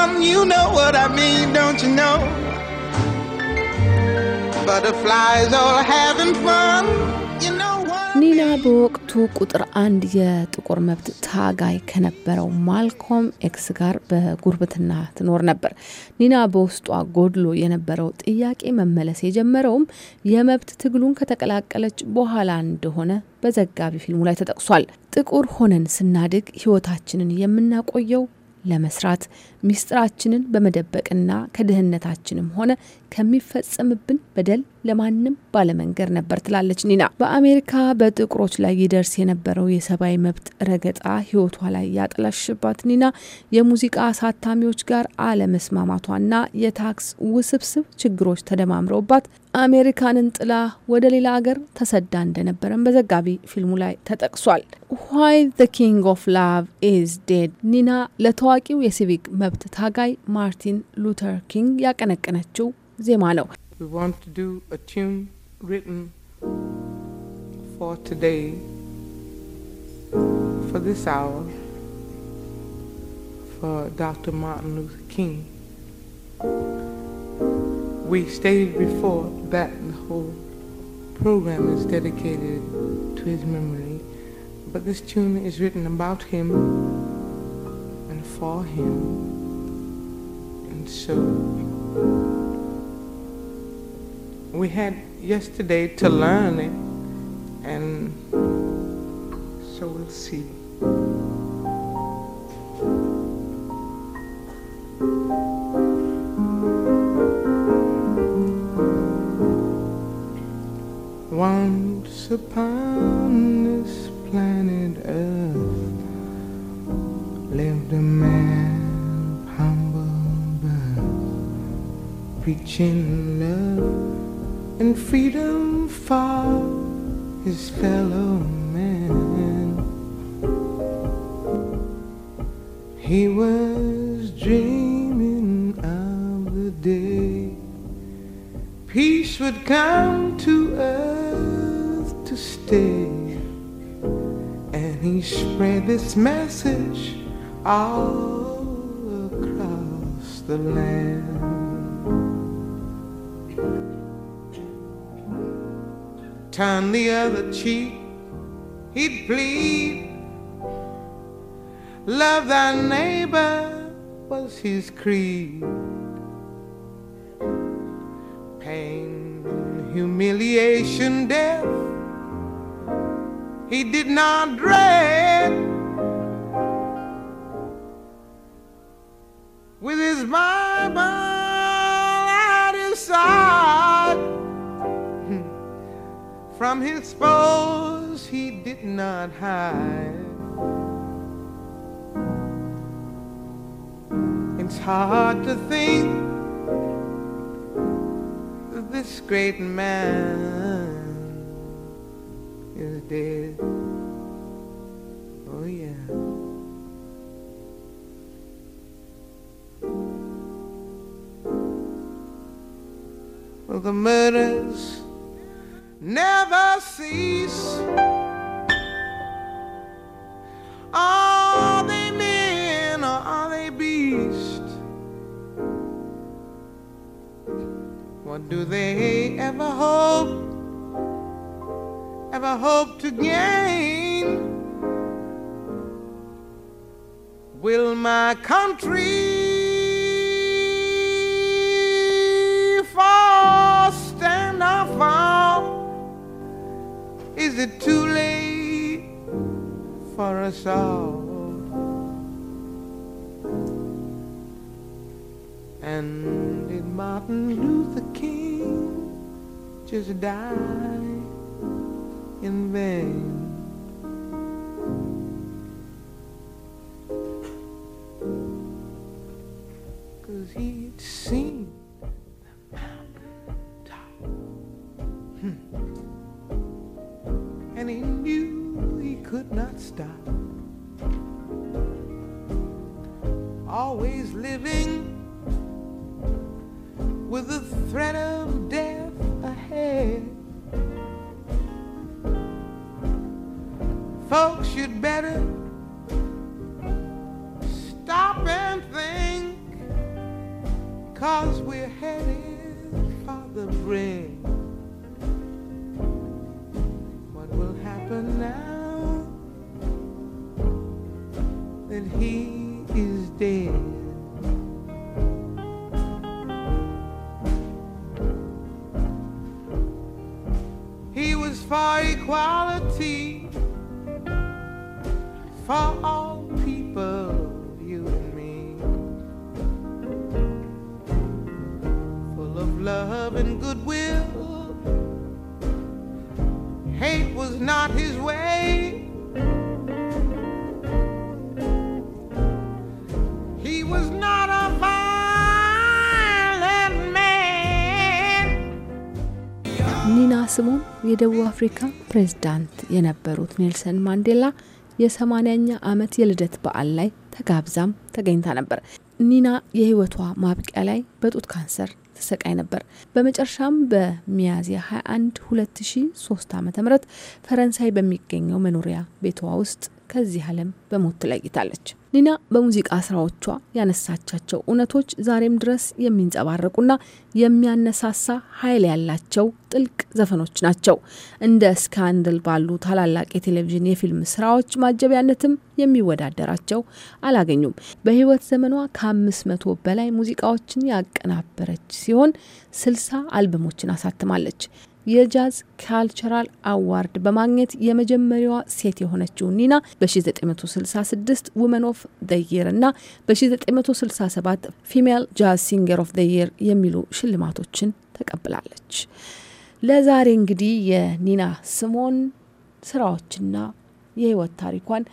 ኒና በወቅቱ ቁጥር አንድ የጥቁር መብት ታጋይ ከነበረው ማልኮም ኤክስ ጋር በጉርብትና ትኖር ነበር። ኒና በውስጧ ጎድሎ የነበረው ጥያቄ መመለስ የጀመረውም የመብት ትግሉን ከተቀላቀለች በኋላ እንደሆነ በዘጋቢ ፊልሙ ላይ ተጠቅሷል። ጥቁር ሆነን ስናድግ ህይወታችንን የምናቆየው ለመስራት ምስጢራችንን በመደበቅና ከድህነታችንም ሆነ ከሚፈጸምብን በደል ለማንም ባለመንገር ነበር ትላለች ኒና። በአሜሪካ በጥቁሮች ላይ ይደርስ የነበረው የሰብአዊ መብት ረገጣ ሕይወቷ ላይ ያጠላሽባት ኒና የሙዚቃ አሳታሚዎች ጋር አለመስማማቷና የታክስ ውስብስብ ችግሮች ተደማምረውባት አሜሪካንን ጥላ ወደ ሌላ አገር ተሰዳ እንደነበረም በዘጋቢ ፊልሙ ላይ ተጠቅሷል። ዋይ ዘ ኪንግ ኦፍ ላቭ ኢዝ ዴድ ኒና ለታዋቂው የሲቪክ መብት መብት ታጋይ ማርቲን ሉተር ኪንግ ያቀነቀነችው ዜማ ነው። for Dr. Martin Luther King. We stated before that the whole program is dedicated to his memory, but this tune is written about him and for him so we had yesterday to learn it, and so we'll see. Once upon In love and freedom for his fellow man. He was dreaming of the day peace would come to earth to stay. And he spread this message all across the land. Turn the other cheek, he'd plead. Love thy neighbor was his creed. Pain, humiliation, death, he did not dread. With his Bible at his side. From his foes he did not hide. It's hard to think that this great man is dead. Oh, yeah. the murders never cease. Are they men or are they beasts? What do they ever hope, ever hope to gain? Will my country Is it too late for us all? And did Martin Luther King just die in vain? Cause he'd seen we could not stop. Always living with the threat of death ahead. Folks, you'd better he is dead. ስሙም የደቡብ አፍሪካ ፕሬዝዳንት የነበሩት ኔልሰን ማንዴላ የሰማንያኛ ዓመት የልደት በዓል ላይ ተጋብዛም ተገኝታ ነበር። ኒና የህይወቷ ማብቂያ ላይ በጡት ካንሰር ተሰቃይ ነበር። በመጨረሻም በሚያዝያ 21 2003 ዓ ም ፈረንሳይ በሚገኘው መኖሪያ ቤቷ ውስጥ ከዚህ ዓለም በሞት ትለይታለች። ሊና በሙዚቃ ስራዎቿ ያነሳቻቸው እውነቶች ዛሬም ድረስ የሚንጸባረቁና የሚያነሳሳ ኃይል ያላቸው ጥልቅ ዘፈኖች ናቸው። እንደ ስካንድል ባሉ ታላላቅ የቴሌቪዥን የፊልም ስራዎች ማጀቢያነትም የሚወዳደራቸው አላገኙም። በህይወት ዘመኗ ከአምስት መቶ በላይ ሙዚቃዎችን ያቀናበረች ሲሆን ስልሳ አልበሞችን አሳትማለች። የጃዝ ካልቸራል አዋርድ በማግኘት የመጀመሪያዋ ሴት የሆነችው ኒና በ1966 ውመን ኦፍ ዘ የር እና በ1967 ፊሜል ጃዝ ሲንገር ኦፍ ዘ የር የሚሉ ሽልማቶችን ተቀብላለች። ለዛሬ እንግዲህ የኒና ስሞን ስራዎችና የህይወት ታሪኳን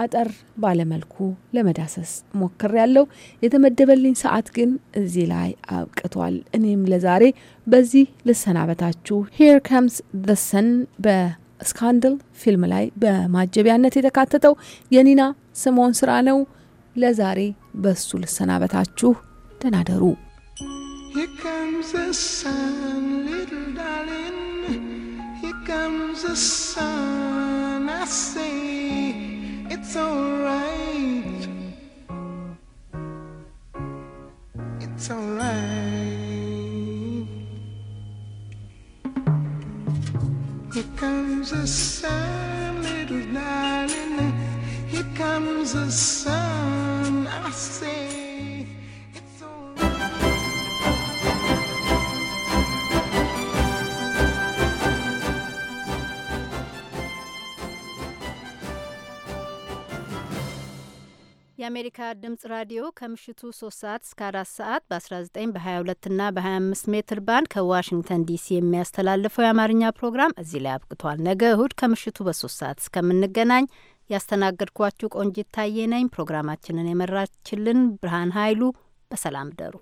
አጠር ባለመልኩ ለመዳሰስ ሞክር ያለው የተመደበልኝ ሰዓት ግን እዚህ ላይ አብቅቷል። እኔም ለዛሬ በዚህ ልሰናበታችሁ። ሄር ከምስ ዘ ሰን በስካንድል ፊልም ላይ በማጀቢያነት የተካተተው የኒና ስሞን ስራ ነው። ለዛሬ በሱ ልሰናበታችሁ። ደናደሩ Here Here comes the sun. say it's alright. It's alright. Here comes the sun, little darling. Here comes the sun. I say. የአሜሪካ ድምጽ ራዲዮ ከምሽቱ 3 ሰዓት እስከ 4 ሰዓት በ19 በ22ና በ25 ሜትር ባንድ ከዋሽንግተን ዲሲ የሚያስተላልፈው የአማርኛ ፕሮግራም እዚህ ላይ አብቅቷል። ነገ እሁድ ከምሽቱ በ3 ሰዓት እስከምንገናኝ ያስተናገድኳችሁ ቆንጂት ታዬ ነኝ። ፕሮግራማችንን የመራችልን ብርሃን ኃይሉ በሰላም ደሩ።